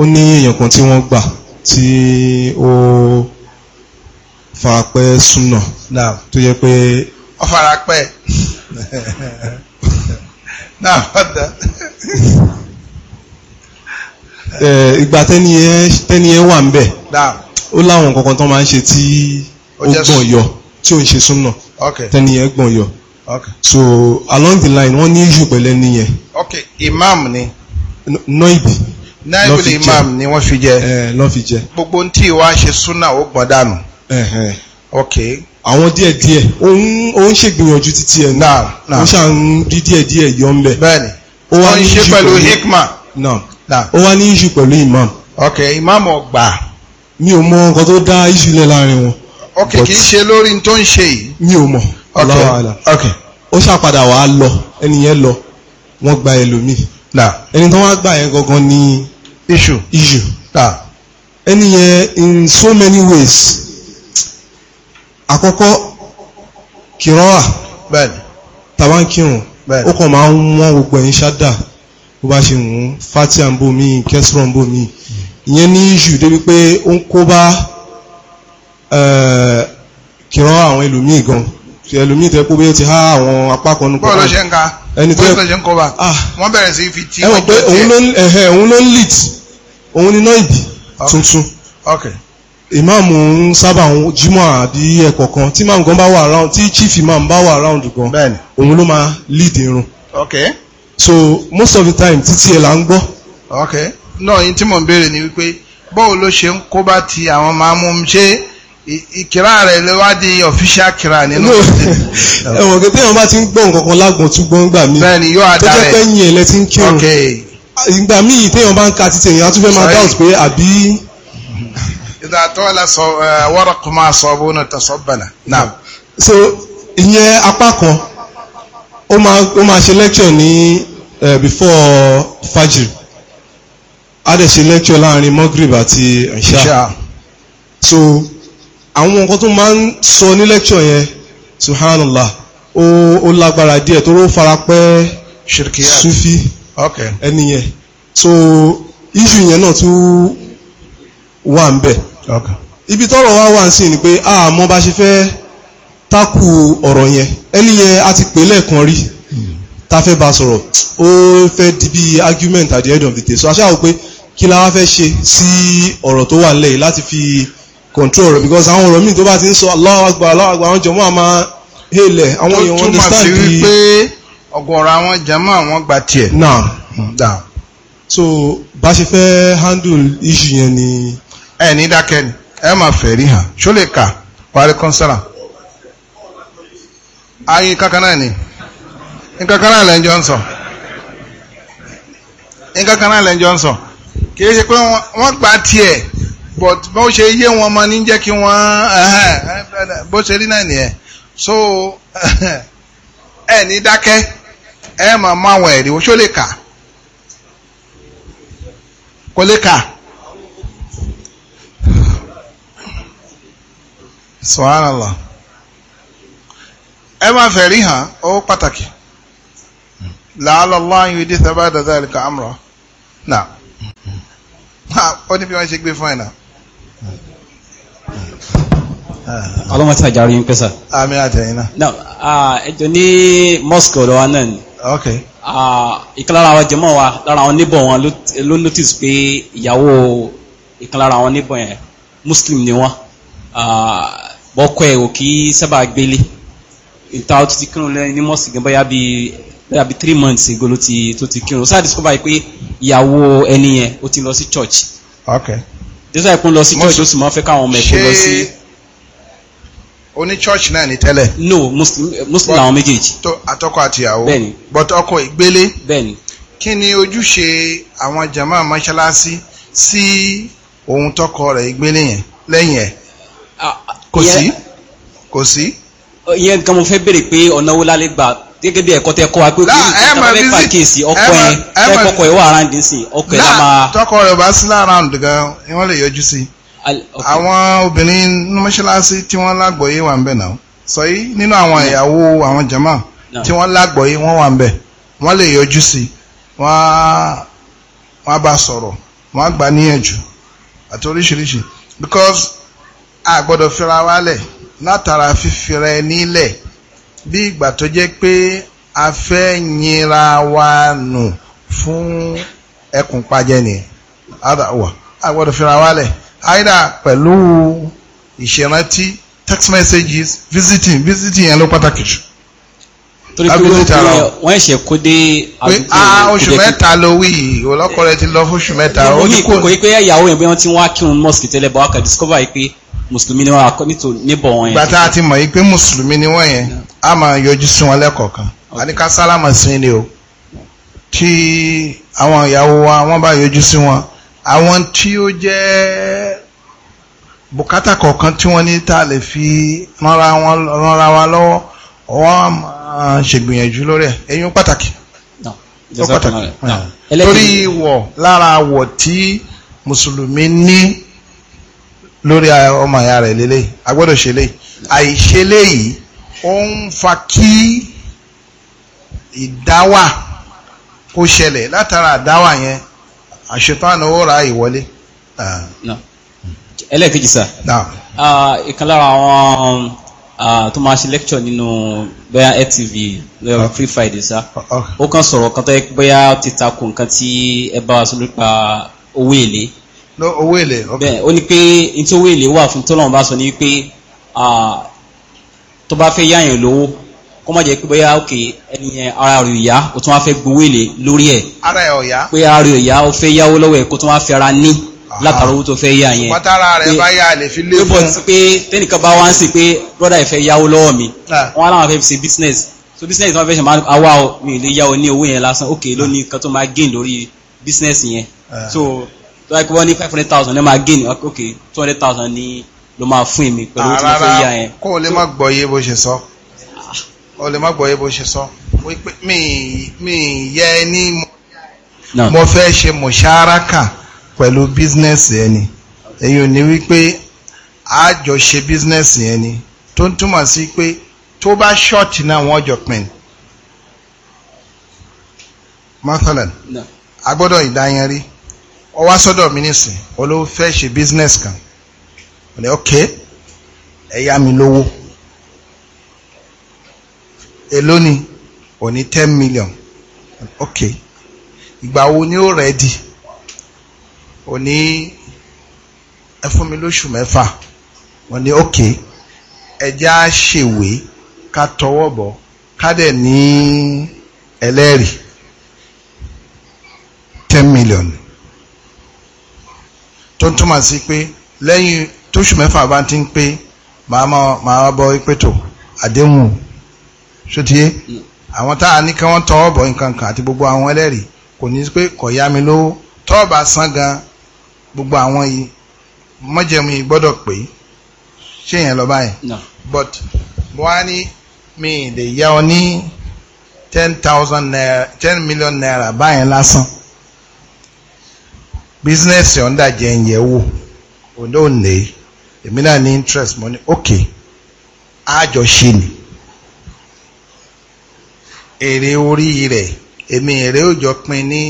Ó ní èèyàn kan tí wọ́n gbà tí ó farapẹ́ súnà. Naam. Tó yẹ pé. Ó farapẹ́. Naam, ọ̀dà. Ìgbà tẹ́ni ẹ wà ń bẹ̀. Naam. Ó láwọn kankan tó máa ń ṣe tí ó gbọ̀n yọ tí ò ń ṣe súnà. Ok. Tẹ́ni ẹ gbọ̀n yọ. Okay. So along the line wọ́n ní issue pẹ̀lẹ́ nìyẹn. Okay imam ni. Noibi. naibu imam ni wọ́n fi jẹ. Ẹ lọ́ fi jẹ. Gbogbo ntí ìwà ṣe súnà ó gbọ́n dànù. Okay. Àwọn díẹ̀ díẹ̀ òun òun ṣègbìyànjú títí ẹ̀ náà. Ó ṣàn rí díẹ̀ díẹ̀ yọ ń bẹ̀. Bẹ́ẹ̀ni. Ó wá ní issue pẹ̀lú hikma. Náà. Ó wá ní issue pẹ̀lú imam. Okay imam ọgbà. Mi ò mọ nǹkan tó dá issue lẹ̀ láàrin wọn. Okay kì í ṣe lórí tó ń ṣe yìí. Mi ò mọ̀ ọlọ́wàlà ó ṣàpadà wà á lọ ẹni yẹn lọ wọ́n gba ẹlòmíì ẹni tó wá gbà yẹn gangan ní issue issue in so many ways àkọ́kọ́ kìrọ́wà tàbá ń kírun ó kàn máa ń wọ́n gbogbo ẹ̀yìn ṣádà bó bá ṣe wù ú fatia ń bò míì kẹsìrọ̀ ń bò míì ìyẹn ní issue débi pé ó ń kó bá kìrọ́wà eh, àwọn ẹlòmíì gan ẹlòmíì tẹ́ kó bí ó ti há àwọn apá kan nípa bọ́ọ̀lù ṣe ń ka ẹni tẹ́ bọ́ọ̀lù ṣe ń kọ́ba ah. wọ́n bẹ̀rẹ̀ sí fi tí wọ́n jẹ́ tiẹ̀ òun ló ń lead òun ni nọ́ìbì tuntun ìmáàmù ń sábà jímọ̀ àbí ẹ̀kọ̀ kan tí máàmù gan bá wà round tí chief imam bá wà round gan òun ló máa lead irun so most of the time títí ẹ̀ là ń gbọ́. náà yín tí mò ń béèrè ni wípé bọ́ọ̀lù ṣe ń kóbá ti àwọn máàmù ṣe ìkìrá rẹ̀ ló wá di official kìrá nínú ẹ̀wọ̀n kí tí wọ́n bá ti ń gbọ́ nǹkan kan lágbọ̀n tún gbọ́n gbà mí bẹ́ẹ̀ni yóò adá tó jẹ́ pé yìn ẹ̀lẹ́ ń kírun ìgbà míì téèyàn bá ń ka títẹ̀ èèyàn tún fẹ́ máa doubt pé àbí. ìdá tọ́lá sọ wọ́rọ̀ kò máa sọ bó na tẹ̀sọ́ bẹ̀là. so ìyẹn apá kan ó máa ṣe lecture ní before fajr a dẹ̀ ṣe lecture láàrin Maghrib àti Isha so àwọn nǹkan tó máa ń sọ ní lecture yẹn subhanallah o lágbára díẹ̀ tó ló fara pẹ́ sufi ẹni yẹn so issue yẹn náà tún wà ń bẹ̀ ibi tọ́rọ̀ wá wà ń sìn ni pé àmọ́ bá ṣe fẹ́ tákù ọ̀rọ̀ yẹn ẹni yẹn a ti pè lẹ́ẹ̀kan rí ta fẹ́ bá sọ̀rọ̀ ó fẹ́ di bí argument at the end of the day so aṣáà wò pé kí la wá fẹ́ ṣe sí ọ̀rọ̀ tó wà lẹ́yìn láti fi control rẹ̀ because àwọn ọ̀rọ̀ míì tó bá ti ń sọ Allahu Akbar àwọn jọmọ́ àmà hélẹ̀ àwọn èèyàn understand bí. ó túmọ̀ sí wípé ọ̀gọ̀ọ̀rọ̀ àwọn jàmá àwọn gba tiẹ̀. náà dáa. so bá ṣe fẹ́ handle issue yẹn ni. ẹ ní dákẹ́ ni ẹ máa fẹ́ rí hàn ṣó lè kà parí kọ́nsẹ́là. ayin kankan ni nǹkan kan náà lẹ́ ń jọ ń sọ nǹkan kan lẹ́ ń jọ ń sọ kì í ṣe pé wọ́n gba tiẹ̀ but bó ṣe yé wọn mọ ní jẹ́ kí wọ́n bó ṣe rí náà nìyẹn so ẹ ní dákẹ́ ẹ mọ̀ mọ́ àwọn ẹ̀rí wọ́n ṣó lè kà kò lè kà. subhanallah ẹ máa fẹ̀rí hàn ó pàtàkì làálọ́lá yìí dé sábà dàda ẹ̀ka àmúrọ̀ náà ó ní bí wọ́n ṣe gbé fún ẹ̀ náà ọlọ́mọ tí àjàrí ń pẹ́sà. àmì àtẹ̀yìn náà. ẹjọ́ ní mosque ọ̀dọ̀ wa náà ni. ok. ìkan lára àwọn jẹmọ́ wa lára àwọn níbọ̀ wọn ló notice pé ìyàwó ìkan lára àwọn níbọ̀ yẹn muslim ni wọ́n bọ́kọ ẹ̀ ò kí sábà gbélé ìta ó ti ti kírun lẹ́yìn ní mosque gan bóyá bíi bóyá bíi three months ago ló ti tó ti kírun ó sáà discover pé ìyàwó ẹni yẹn ó ti lọ sí church. ok jésù àìkún lọ sí church ó sì máa fẹ́ káwọn ọmọ ẹ̀kún lọ sí. oní church náà ni tẹ́lẹ̀. no muslim làwọn méjèèjì. àtọkọ àtìyàwó bẹ́ẹ̀ni but ọkọ ìgbélé. bẹ́ẹ̀ni. kí ni ojúṣe àwọn jama mọ́ṣáláṣí sí ohun tọkọ rẹ̀ ìgbélé yẹn lẹ́yìn ẹ̀. Ah, ah, kò sí kò sí. ìyẹn nǹkan mo fẹ́ béèrè pé ọ̀nà wo lálẹ́ gbà gẹ́gẹ́ bí ẹ̀kọ́ tẹ kọ́ wa pé kí ìjọba bẹ́ẹ̀ pàkíyèsí ọkọ yẹn tẹ́kọ̀kọ̀ ẹ̀ wà aráàndì sí ọkọ ẹ̀ la máa. tọkọ rẹ bá sí láàrán gan wọn lè yọjú sí àwọn obìnrin ní mọ́ṣáláṣí tí wọ́n lágbọ̀ọ́yé wà ń bẹ̀ náà sọ yìí nínú àwọn ìyàwó àwọn jama tí wọ́n lágbọ̀ọ́yé wọ́n wà ń bẹ̀ wọ́n lè yọjú sí wọ́n á bá sọ̀rọ̀ wọ́n á gbà níyànjú àti oríṣiríṣi because a gbọ́dọ̀ fira wálẹ̀ látara fífira ẹni lẹ̀ bí ìgbà tó jẹ́ pé a fẹ́ yinra wa nù fún ẹkùn pajẹ ni àwọ̀ àgbọ̀dọ̀ fira wálẹ̀ àìdá pẹ̀lú ìṣèrántí text messages visiting visiting yẹn ló pàtàkì jù torí pé wọ́n ẹ̀ṣẹ̀ kó dé àdúgbò ah, kò oṣù mẹ́ta ló wí yìí ọlọ́kọ rẹ ti lọ fún oṣù mẹ́ta. omi kò yí pé ìyàwó yẹn bí wọ́n ti wá kírun mosque tẹ́lẹ̀ bọ́ wákà discover yìí pé mùsùlùmí ni wọ́n akọ nítorí níbọ̀ wọn yẹn. gbàtà àti mọ̀ yìí pé mùsùlùmí ni wọ́n yẹn a máa yọjú sí wọn lẹ́kọ̀ọ̀kan àníká sálámà sí ni o tí àwọn ìyàwó wa wọ́n bá yọjú sí wọn àwọn tí ó jẹ́ bùkátà kọ̀ọ̀kan tí wọ́n ní tá a lè fi ránra wa lọ́wọ́ wọ́n máa ṣègbìyànjú lórí ẹ̀ ẹ̀yún pàtàkì ah. torí ìwọ̀ lára àwọ̀ tí mùsùlùmí ní lórí ọmọ ìyá rẹ̀ lélẹ́yìí a gbọ́dọ̀ ṣe léyìí àìṣe léyìí ó ń fa kí ìdáwà kó ṣẹlẹ̀ látara àdáwà yẹn àṣetán ó ra ìwọlé. Ah. ẹlẹ́ẹ̀kejì sà ah, ìkan lára àwọn ah, tó máa ṣe lecture nínú bóyá AirTV lọ́yọ̀ free friday sá ó kàn sọ̀rọ̀ kan tó yẹ bóyá ti takò nǹkan tí ẹ bá wa sọ nípa owó èlé. owó èlé ok bẹ́ẹ̀ ó ní pé ní tí owó èlé wà fún tọ́lọ́mù bá sọ ní wípé tó bá fẹ́ yáyàn lówó kó má jẹ́ pé bóyá òkè ẹni yẹn ara rẹ̀ ò yá ó tún wá fẹ́ gbowó èlé lórí ẹ̀ ara ẹ̀ ò yá pé ara rẹ̀ ò ó fẹ́ yáwó lọ́wọ́ ẹ̀ kó tún wá fẹ́ ara ní látara owó tó fẹ́ yá yẹn pátára rẹ̀ bá yá lè fi lé fún un pé tẹ́nìkan bá wá ń sìn pé brọ́dà ẹ̀ fẹ́ yáwó lọ́wọ́ mi ah. wọ́n á láwọn business so business wọn fẹ́ ṣe máa mi lè yá ọ ní owó yẹn lásán òkè gain lórí business yẹn ah. so like wọ́n ní five thousand ẹ máa gain ok two thousand ní ló máa fún èmi pẹ̀lú ah, tí mo fẹ́ yá yẹn. kó o lè má gbọ́ bó ṣe sọ ah. o lè má gbọ́ bó ṣe sọ wípé mi yẹ ẹ ní mo fẹ́ ṣe mọ̀ṣáraka pẹ̀lú bísínẹ́sì ẹ ni èyí ò ní wípé àjọ ṣe bísínẹ́sì ẹ ni tó ń túmọ̀ sí pé tó bá ṣọ́ọ̀tì náà wọ́n jọ pin. mathalan a gbọ́dọ̀ ìdáyẹn rí ọ wá sọ́dọ̀ mi nísìn olówó fẹ́ ṣe bísínẹ́sì kan ọ̀nà ọ̀kẹ́ ẹ yá mi lówó èló ni òní ten million ọ̀kẹ́ ìgbà wo ni ó rẹ́dì òní ẹ fún mi lóṣù mẹ́fà wọ́n ní ọ̀kẹ́ ẹjá ṣèwé ká tọwọ́ bọ̀ ká dẹ̀ ní ẹlẹ́rìí ten million tó ń túmọ̀ sí pé lẹ́yìn tóṣù mẹ́fà bá ti ń pé màá bọ́ pé tó àdéhùn ṣótiyé àwọn tá a ní kí wọ́n tọwọ́ bọ̀ nǹkan kan àti gbogbo àwọn ẹlẹ́rìí kò ní pé kò yá mi lówó tọ́ọ̀bà san gan gbogbo àwọn yìí mọ́jẹ̀mú yìí gbọ́dọ̀ pé ṣé yẹn lọ báyìí but wọ́n á ní mi lè yá ọ ní ten thousand naira ten million naira báyìí lásán business yọ̀ǹda jẹ́ ń yẹ̀ wò òun ló èmi náà ní interest money ní ok àjọ ṣe ni èrè orí rẹ̀ èmi èrè òjọ pin ní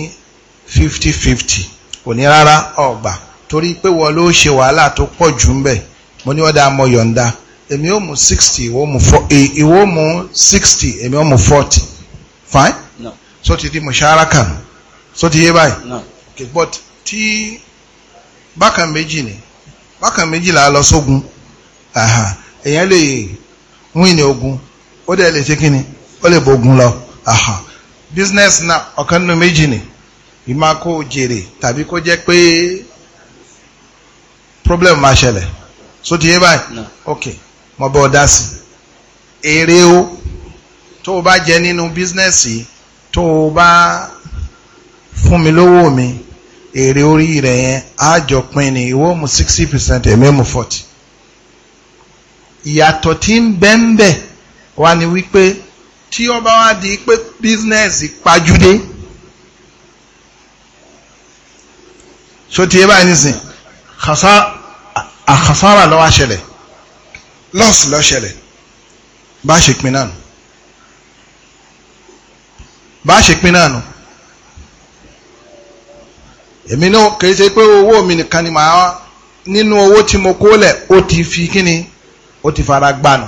fifty fifty kò ní rárá ọgbà torí pé wọ́n ló ṣe wàhálà tó pọ̀ jù ń bẹ̀ mo ní ọ̀dà mo yọ̀ǹda èmi ó mú sixty ìwọ mú ìwọ mú sixty èmi ó mú forty fine no. so ti di musharaka so ti yé báyìí no. okay but ti. bákan méjì ni bákan méjìlá lọ sógun èèyàn lè ní ogun ó dẹ̀ lè ṣe kí ni ó lè bógun lọ business na ọ̀kan nínú méjì ni ìmá kó jèrè tàbí kó jẹ́ pé problem máa ṣẹlẹ̀ so ti yé ok mo ọ sí èrè o tó o bá jẹ nínú business tó mi èrè orí rẹ̀ yẹn àjọ pín ní ìwọ mú sixty percent èmi mú forty ìyàtọ̀ tí ń bẹ́ńbẹ́ wá ní wípé tí ó bá wá di pé bísínẹ́sì pajúdé so tí ẹ bá nísìn àkàsára lọ́wọ́ ṣẹlẹ̀ lọ́ọ̀sì lọ́ọ́ ṣẹlẹ̀ bá ṣe pin náà nù bá ṣe pin náà nù èmi náà kì í ṣe pé owó mi nìkan ni màá nínú owó tí mo kó lẹ̀ ó ti fi kíni ó ti fara gbanù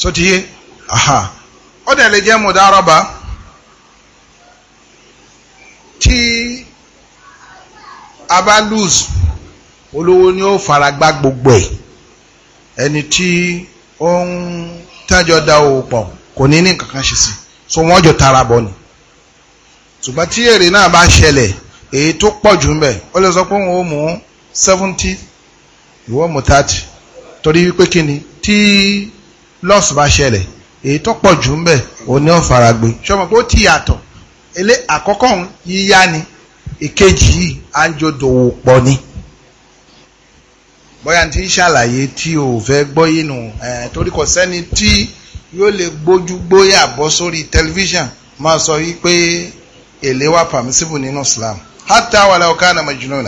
sotiye aha ó dẹ̀ lè jẹ́ mùdárọ́bà tí a bá lose olówó ni ó faragbá gbogbo ẹ̀ ẹni tí ó ń tájọ da òwò kò ní ní nǹkan ṣe sí so wọ́n jọ tara bọ̀ ni ṣùgbọ́n tí èrè náà bá ṣẹlẹ̀ èyí tó pọ̀ jù ń bẹ̀ ó lè sọ pé òun mú seventy ìwọ mú thirty torí wípé kí ni tí loss bá ṣẹlẹ̀ èyí tó pọ̀ jù ń bẹ̀ òun ní ọ̀fara gbé ṣọmọ pé ó ti yàtọ̀ ilé àkọ́kọ́ yíyá ni ìkejì yìí à ń jọ dòwò pọ̀ ni bóyá ti ń ṣàlàyé tí o fẹ́ gbọ́ yìí nù torí kò sẹ́ni tí yóò lè gbójú gbóyà bọ́ sórí tẹlifíṣàn máa sọ wípé èlé wà permissible nínú Islam hatta wàlá ọ̀ká na majnuna.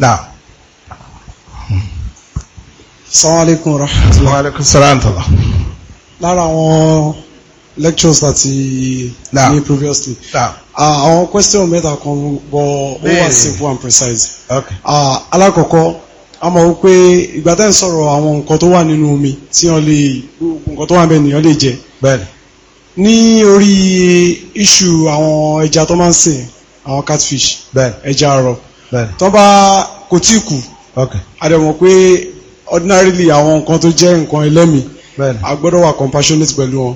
na. salaam aleykum rahmatulah. wa aleykum salaam tala. lára àwọn lectures àti ní previously. Na àwọn question mẹ́ta kan bọ̀ ó wà simple and precise. alákọ̀ọ́kọ́ a mọ̀ wípé ìgbà tẹ́ ń sọ̀rọ̀ àwọn nǹkan tó wà nínú omi tí wọ́n lè nǹkan tó wà bẹ́ẹ̀ nìyàn lè jẹ. bẹ́ẹ̀ni. ní orí iṣu àwọn ẹja tó máa ń sìn àwọn catfish. bẹ́ẹ̀ni ẹja arọ. bẹ́ẹ̀ni tó bá kò tí kù. ok. pé ordinarily àwọn nǹkan tó jẹ́ nǹkan ẹlẹ́mìí a gbọ́dọ̀ wà compassionate pẹ̀lú wọn.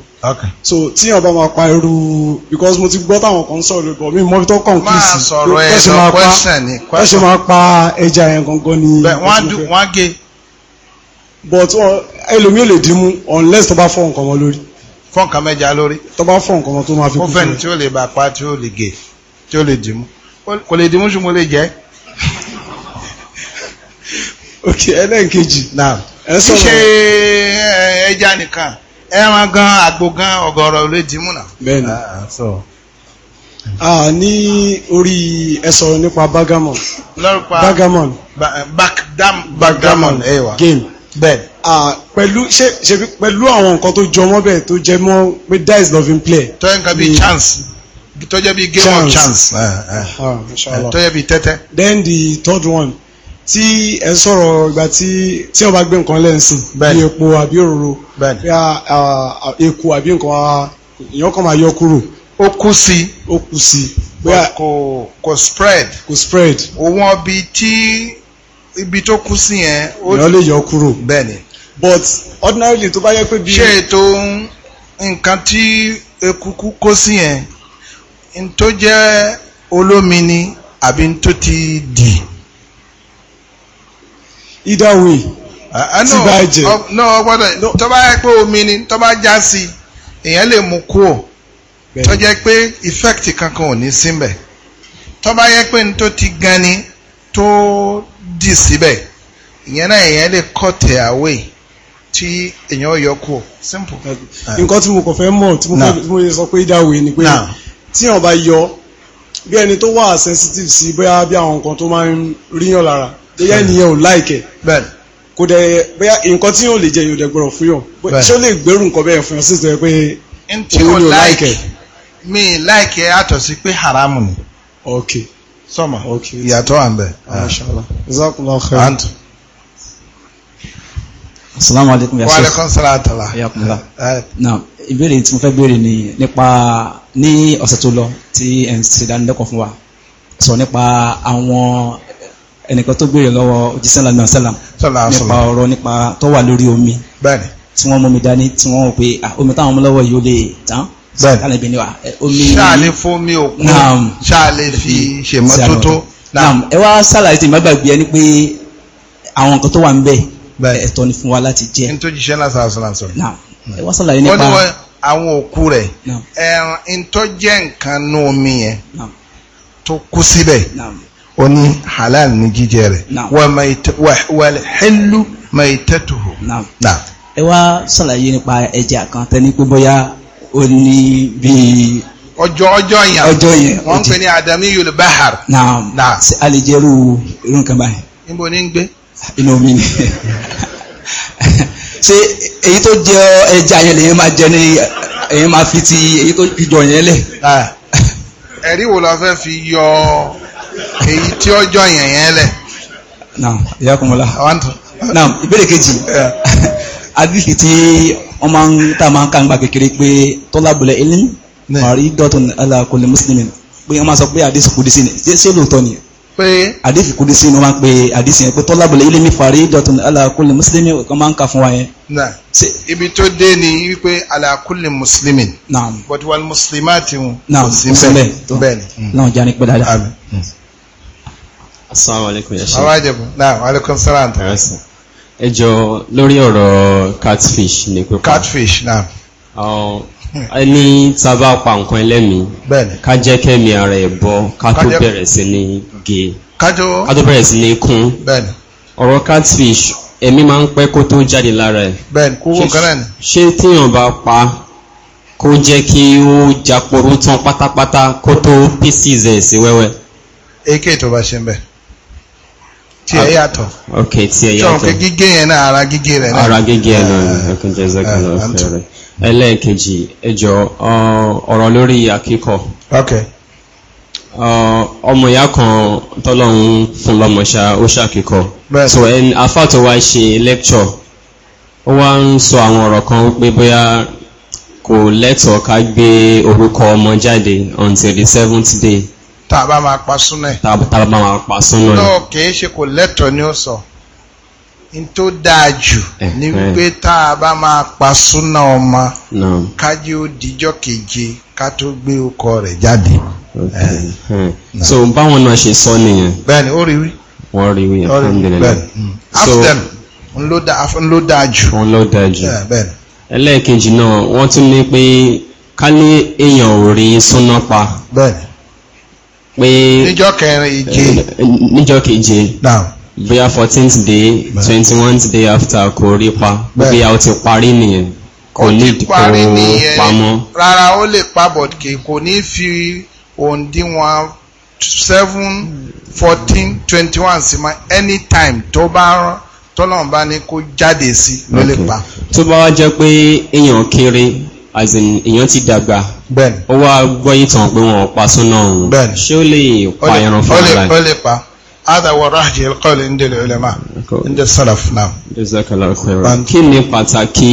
so tí yàn bá máa pa irú because mo ti gbọ́ táwọn kan sọ̀rọ̀ bọ̀ mi mọ́ fi tó kàn kí sí. máa sọ̀rọ̀ ẹ̀ lọ question pa ẹja yẹn gangan ni. bẹ́ẹ̀ wọ́n á gé. but ẹlòmíì lè dimu mú unless tó bá fọ́ nǹkan mọ́ lórí. fọ́ nǹkan mẹ́ja lórí. tó bá fọ́ nǹkan mọ́ tó máa fi kú fún mi. ó fẹ́ni tí ó lè bá pa tí ó lè gé tí ó lè dín kò lè dín ṣùgbọ́n lè jẹ́. ok ẹlẹ́ẹ̀kejì náà ṣíṣe ẹja nìkan ẹran gan àgbo gan ọ̀gọ̀rọ̀ lè dìímù náà. bẹ́ẹ̀ni ah. ní orí ẹ sọ̀rọ̀ nípa Bergamo bagamon. Bergamo game bẹ́ẹ̀ni. pẹ̀lú ṣe ṣe pẹ̀lú àwọn nǹkan tó jọ mọ́ bẹ́ẹ̀ tó jẹ mọ́ pé dice loving play. tó yẹ nǹkan bíi mm. chance tó jẹ bíi game chance. of chance eh, eh. Ah, tó yẹ bíi tẹ́tẹ́. then the third one tí ẹ sọ̀rọ̀ ìgbà tí tí ọba gbé nǹkan lẹ́sìn bí epo àbí òróró bí eku àbí nǹkan ìyàn kan máa yọ kúrò. ó kú sí. ó kú sí. kò kò spread. kò spread. òun ọbi tí ibi tó kú sí yẹn. ìyàn lè yọ kúrò. bẹ́ẹ̀ni. but ordinarily tó bá yẹ pé bí. ṣé ètò nǹkan tí ekuku kó sí yẹn n tó jẹ́ olómi ni àbí n tó ti dì either way ah, ah, tí bá jẹ. náà gbọ́dọ̀ tó bá yẹ pé omi ni tó bá já sí èèyàn lè mú kú ò tó jẹ́ pé effect kankan ò ní síbẹ̀ tó bá yẹ pé ní ti gan ni tó dì síbẹ̀ ìyẹn náà èèyàn lè cut it away tí èèyàn yọ kú ò simple. Ah. nǹkan tí mo kàn fẹ́ mọ̀ tí mo fẹ́ sọ pé either way ni pé tí wọ́n bá yọ bí ẹni tó wà sensitive sí bóyá bí àwọn nǹkan tó máa ń ríyàn lára bóyá ènìyàn ò láìkẹ̀ kò dẹ̀ bóyá nǹkan tí yóò lè jẹ yóò dẹ̀ gbọ́rọ̀ fún yàn ṣé ó lè gbẹ́rù nǹkan bẹ́ẹ̀ fún yàn sí ìsọ̀rọ̀ pé òun ni ò láìkẹ̀. mi láìkẹ̀ àtọ̀ sí pé haramu ni. ok sọmọ ìyàtọ̀ wà ń bẹ̀. jazakallahu yasuf. Wa alaikum salam Yakunla. Na ìbéèrè tí mo fẹ́ béèrè ni nípa ní ọ̀sẹ̀ tó lọ tí ẹ̀ ń ṣe fún wa sọ nípa àwọn ẹnìkan tó béèrè lọ́wọ́ òjísàlá náà sálàm nípa ọ̀rọ̀ nípa tó wà lórí omi tí wọ́n mú mi dání tí wọ́n wọ́n pé omi táwọn ọmọ lọ́wọ́ yìí ó lè tán sàtàlẹ̀ bí ni wa omi ṣáàlè fún mi òkun ṣáàlè fi ṣèmọ́tótó. ẹ wá sàlàyé tí ìmọ̀gbàgbé ẹni pé àwọn nǹkan tó wà ń bẹ ẹ̀tọ́ ni fún wa láti jẹ. n tó jíṣẹ́ lásán àṣọ làṣọ. ẹ wá sàlàyé nípa àwọn òkú rẹ̀ ẹran n tó jẹ́ nǹkan nú omi yẹn tó kú síbẹ̀ ó ní halal ní jíjẹ rẹ̀ wal hillu maitatuhu. ẹ wá ṣàlàyé nípa ẹja kan tẹ́ ní pé bóyá ó ní bíi ọjọ́ ọjọ́ yẹn ọjọ́ yẹn wọ́n ń pè ní adami yul bahar. naam naam ṣe alijeru irun kan báyìí. níbo ni ń gbé. inú mi ni ṣe èyí tó jẹ ẹja yẹn lèyìn máa jẹ ní èyí máa fi ti èyí tó jọ yẹn lẹ. Ah. ẹ̀rí wo la fẹ́ fi yọ èyí tí ó jọ yẹn yẹn lẹ̀. naam ìyá kùmọ̀lá naam ìbéèrè kejì àdìsí tí wọ́n máa ń tá a máa ń kàǹgbà kékeré pé tọ́lá bùlẹ̀ ilé màrí dọ́tun alákòlè mùsùlùmí pé wọ́n máa sọ pé àdìsí kùdìsí ni ṣé lóòótọ́ ni pé àdìsí kúdí sí wọn máa ń pe àdìsí yẹn pé tọ́lá bọ̀lẹ̀ ilé mi fàrí dọ̀tún aláàkúlẹ̀ mùsùlùmí kan máa ń kà fún wa yẹn. ibi tó dé ni wípé aláàkúlẹ̀ mùsùlùmí but wal mùsùlùmá ti wọn. naam mùsùlùmí bẹ́ẹ̀ ni. náà jẹ́ ànípẹ́ dáadáa. Assalamu alaikum ya ṣe. Àwájẹ̀bù náà alaikum salam. Ẹ jọ lórí ọ̀rọ̀ catfish ni pípa. Catfish náà. Ẹni tá a bá pa nǹkan ẹlẹ́mìí. Bẹ́ẹ̀ni. Ká jẹ́ kẹ́mi ara ẹ̀ bọ́ ká tó bẹ̀rẹ̀ sí ní ge. Ká tó bẹ̀rẹ̀ sí ní kún. Bẹ́ẹ̀ni. Ọ̀rọ̀ catfish ẹ̀mí máa ń pẹ́ kó tó jáde lára ẹ̀. Bẹ́ẹ̀ni kó wọ́n ni. Ṣé tíyàn bá pa kó jẹ́ kí ó japoró tán pátápátá kó tó pieces ẹ̀ sí wẹ́wẹ́? Èké tó bá ṣe ń bẹ̀ tí ẹ yàtọ̀ ok tí ẹ yàtọ̀ tí ọ̀kẹ́ gígé yẹn náà ara gígé rẹ̀ náà ara gígé yẹn náà eh, ok jazakallah eh, fẹ́rẹ̀ ẹlẹ́ẹ̀kejì ẹjọ́ ọ̀rọ̀ lórí akíkọ ok ọmọ ìyá kan tọ́lọ́hún fún lọ́mọṣá ó ṣàkíkọ so afá tó wá ṣe lecture ó wá ń sọ àwọn ọ̀rọ̀ kan pé bóyá kò lẹ́tọ̀ọ́ ká gbé orúkọ ọmọ jáde until the seventh day tá a bá máa pa súnà ẹ̀. tá a bá máa pa súnà ẹ̀. náà kìí ṣe kò lẹ́tọ̀ọ́ ni ó sọ n tó dáa jù eh, ni eh. wípé tá a bá máa pa súnà ọmọ kájí ó dijọ́ keje ká tó gbé ọkọ rẹ̀ jáde. Eh, hmm. so báwọn náà ṣe sọ nìyẹn. bẹ́ẹ̀ni ó rí wí. wọ́n rí wí alhamdulilayi. Hmm. afdal n ló dáa jù. n ló dáa jù. ẹlẹ́ẹ̀kejì náà wọ́n tún ní pé ká ní èèyàn ò rí súnà pa. bẹ́ẹ̀ni pé níjọ́ kẹrin ìje eh, níjọ́ keje bóyá fourteenth day twenty one day after kò rí pa bóyá ó ti parí nìyẹn kò ní kò pamọ́. rárá ó lè pa bọ̀dùkì kò ní fi òǹdíwọ̀n seven fourteen twenty one sí ma anytime tó bá rán tọ́lọ́mùbá ni kó jáde sí ló lè pa. tó bá wá jẹ́ pé èèyàn kéré as in èèyàn ti dàgbà. bẹ́ẹ̀ni. ó wá gbọ́ ìtàn pé wọ́n pa súnà òun. bẹ́ẹ̀ni. ṣé ó lè pa ẹran fún ara rẹ̀. ó lè pa ada wa rahji alqawli inda ulama inda salaf naam. jazakallahu khairan. kí ni pàtàkì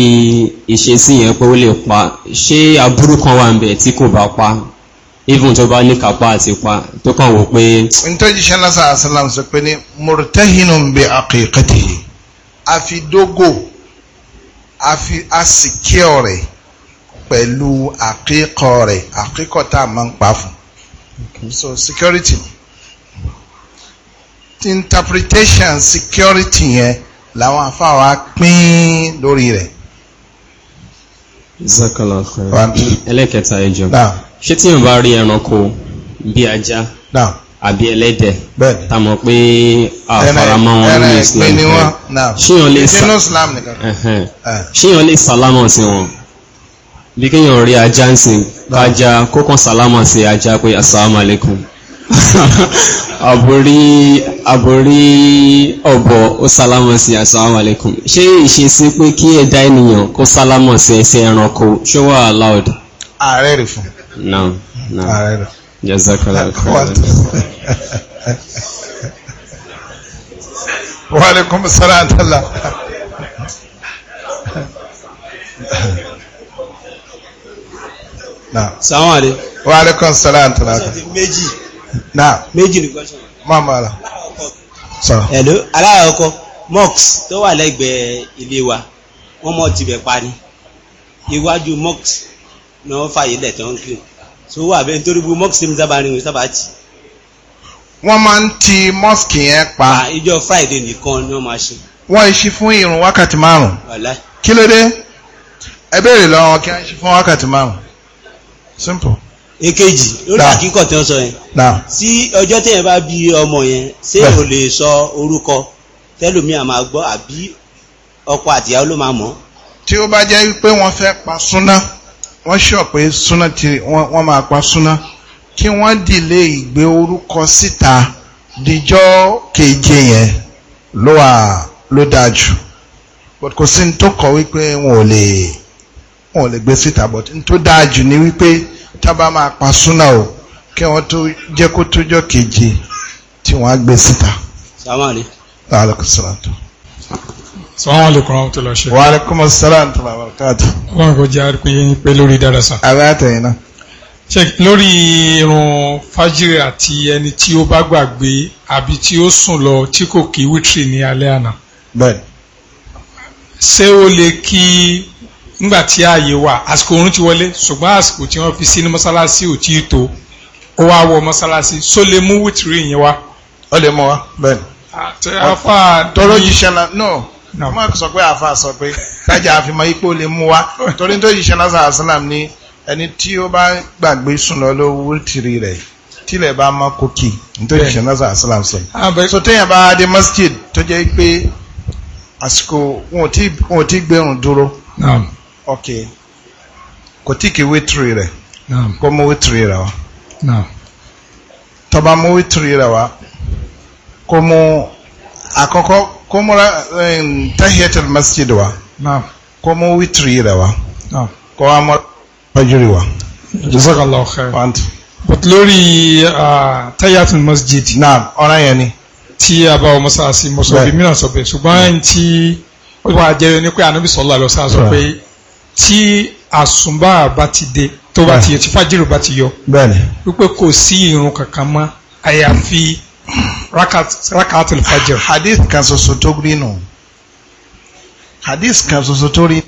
ìṣesí yẹn pé ó lè pa ṣé aburú kan wà níbẹ̀ tí kò bá pa even tó bá ní kápá àti pa tó kàn wò pé. ntọ́jú sẹ́nasa asalam sọ pé ní murtahinun bi aqiqatihi àfi dógò àfi àsìkí ọ̀rẹ́ pẹ̀lú àkíkọ rẹ̀ àkíkọ tá a máa ń pa fún so security interpretation security yẹn làwọn afáwa pín lórí rẹ̀. zakala ẹlẹ́kẹta ẹjọ́ ṣé tí yóò bá rí ẹranko bí ajá àbí ẹlẹ́dẹ̀ tá mọ̀ pé àfaramọ́ wọn eh, ní Islam eh. ṣíyàn lè sàlámọ̀ sí wọn bí kéèyàn rí ajá ń sìn kájá kókàn sálámà sí ajá pé assalamu alaikum àbórí àbórí ọ̀bọ̀ ó sálámà sí assalamu alaikum ṣé ìṣesí pé kí ẹ̀dá ènìyàn kó sálámà sí ẹsẹ̀ ẹranko ṣó wà allowed. ààrẹ rẹ fún. no no ààrẹ rẹ. jazakallah. wa alaikum na. sàwọn àlè. wa aleykum salaam tó náà. méjì. na. méjì ni gbọ́sọ̀. máa ma la. sọ̀rọ̀. hello aláàkọ́ mosque tó wà lẹ́gbẹ̀ẹ́ ilé wa wọ́n mọ̀ tibẹ̀ pani iwájú mosque náà wọ́n fàyè lẹ̀ tó ń kírun tó wà bẹ́ẹ̀ nítorí bu mosque tí sábà rìn sábà tì. wọ́n máa ń ti mosque yẹn pa. Ah, ìjọ friday nìkan ni wọ́n máa ṣe. wọ́n ṣí fún ìrun wákàtí márùn-ún. kí ló dé ẹ béèrè lọ́wọ́ kí wọ́n ṣí fún wákàtí márùn simple. èkejì lórí àkíkọ̀ tí wọ́n sọ yẹn tí ọjọ́ tí yẹn bá bí ọmọ yẹn ṣé o lè sọ orúkọ tẹ́lòmíà máa gbọ́ àbí ọkọ àtìyàwó ló máa mọ̀. tí ó bá jẹ́ pé wọ́n fẹ́ pa súná wọ́n sọ pé súná ti wọ́n máa pa súná kí wọ́n dìlé ìgbé orúkọ síta díjọ́ keje yẹn ló wà ló dájú kò sí ní tó kọ wípé wọn ò lè wọn ò lè gbé síta but n tó dáa jù ní wípé tábà máa pa súnà o kí wọ́n tó jẹ́ kó tójọ́ keje tí wọ́n á gbé síta. sàmàlì. alaikum salaam. sàmàlì alaikum rahmatulah ṣe. wa alaikum salaam tó bàbá káàtó. wọn kò jẹ́ àrípé yín pé lórí dárasà. àbẹ́ àtẹ̀yìn náà. check lórí irun fájírì àti ẹni tí ó bá gbàgbé àbí tí ó sùn lọ tí kò kí wítìrì ní alẹ́ àná. bẹ́ẹ̀. ṣé ó lè kí ńgbà tí ààyè wà àsìkò oorun ti wọlé ṣùgbọ́n àsìkò tí wọ́n fi sí ní mọ́sálásí ò tí ì tó ó wá wọ mọ́sálásí só lè mú wítìrì yẹn wá. ó lè mú wa bẹ́ẹ̀ ni. àfa tọrọ yìí ṣẹlẹ̀ náà wọ́n máa sọ pé àfa sọ pé tájà àfimọ́ ipò lè mú wa torí tó yìí ṣẹlẹ̀ sàlá sàlám ni ẹni tí ó bá gbàgbé sùn lọ ló wítìrì rẹ̀ tílẹ̀ bá mọ́ kókì nítorí ṣẹlẹ̀ sàlá sàlám sọ. Ah, so téèyàn bá dé masjid tó jẹ́ pé àsìkò wọn ò tí gbẹ̀rùn dúró. Naam ok kò tí kì í wítìrì rẹ̀ kó mú wítìrì rẹ̀ wá tọba mú wítìrì rẹ̀ wá kó mú àkọ́kọ́ kó mú tahiyatul masjid wá kó mú wítìrì rẹ̀ wá kó wá mú fajiri wá. jazakallahu khair but lórí tahiyatul masjid. naam ọ̀ràn yẹn ni. tí a bá wọn mọ́sáàsì mọ́sọ̀bí sọ pé ṣùgbọ́n hmm. tí ó wà jẹ́ ní pé ànábì sallallahu alaihi wasallam sọ pé tí àsùnbà bá ti dé tó bá ti yẹ tí fájìrì bá ti yọ wípé kò sí irun kankan mọ́ àyàfi rákàtì fájìrì. hadith kan ṣoṣo tó rí nù hadith kan ṣoṣo tó rí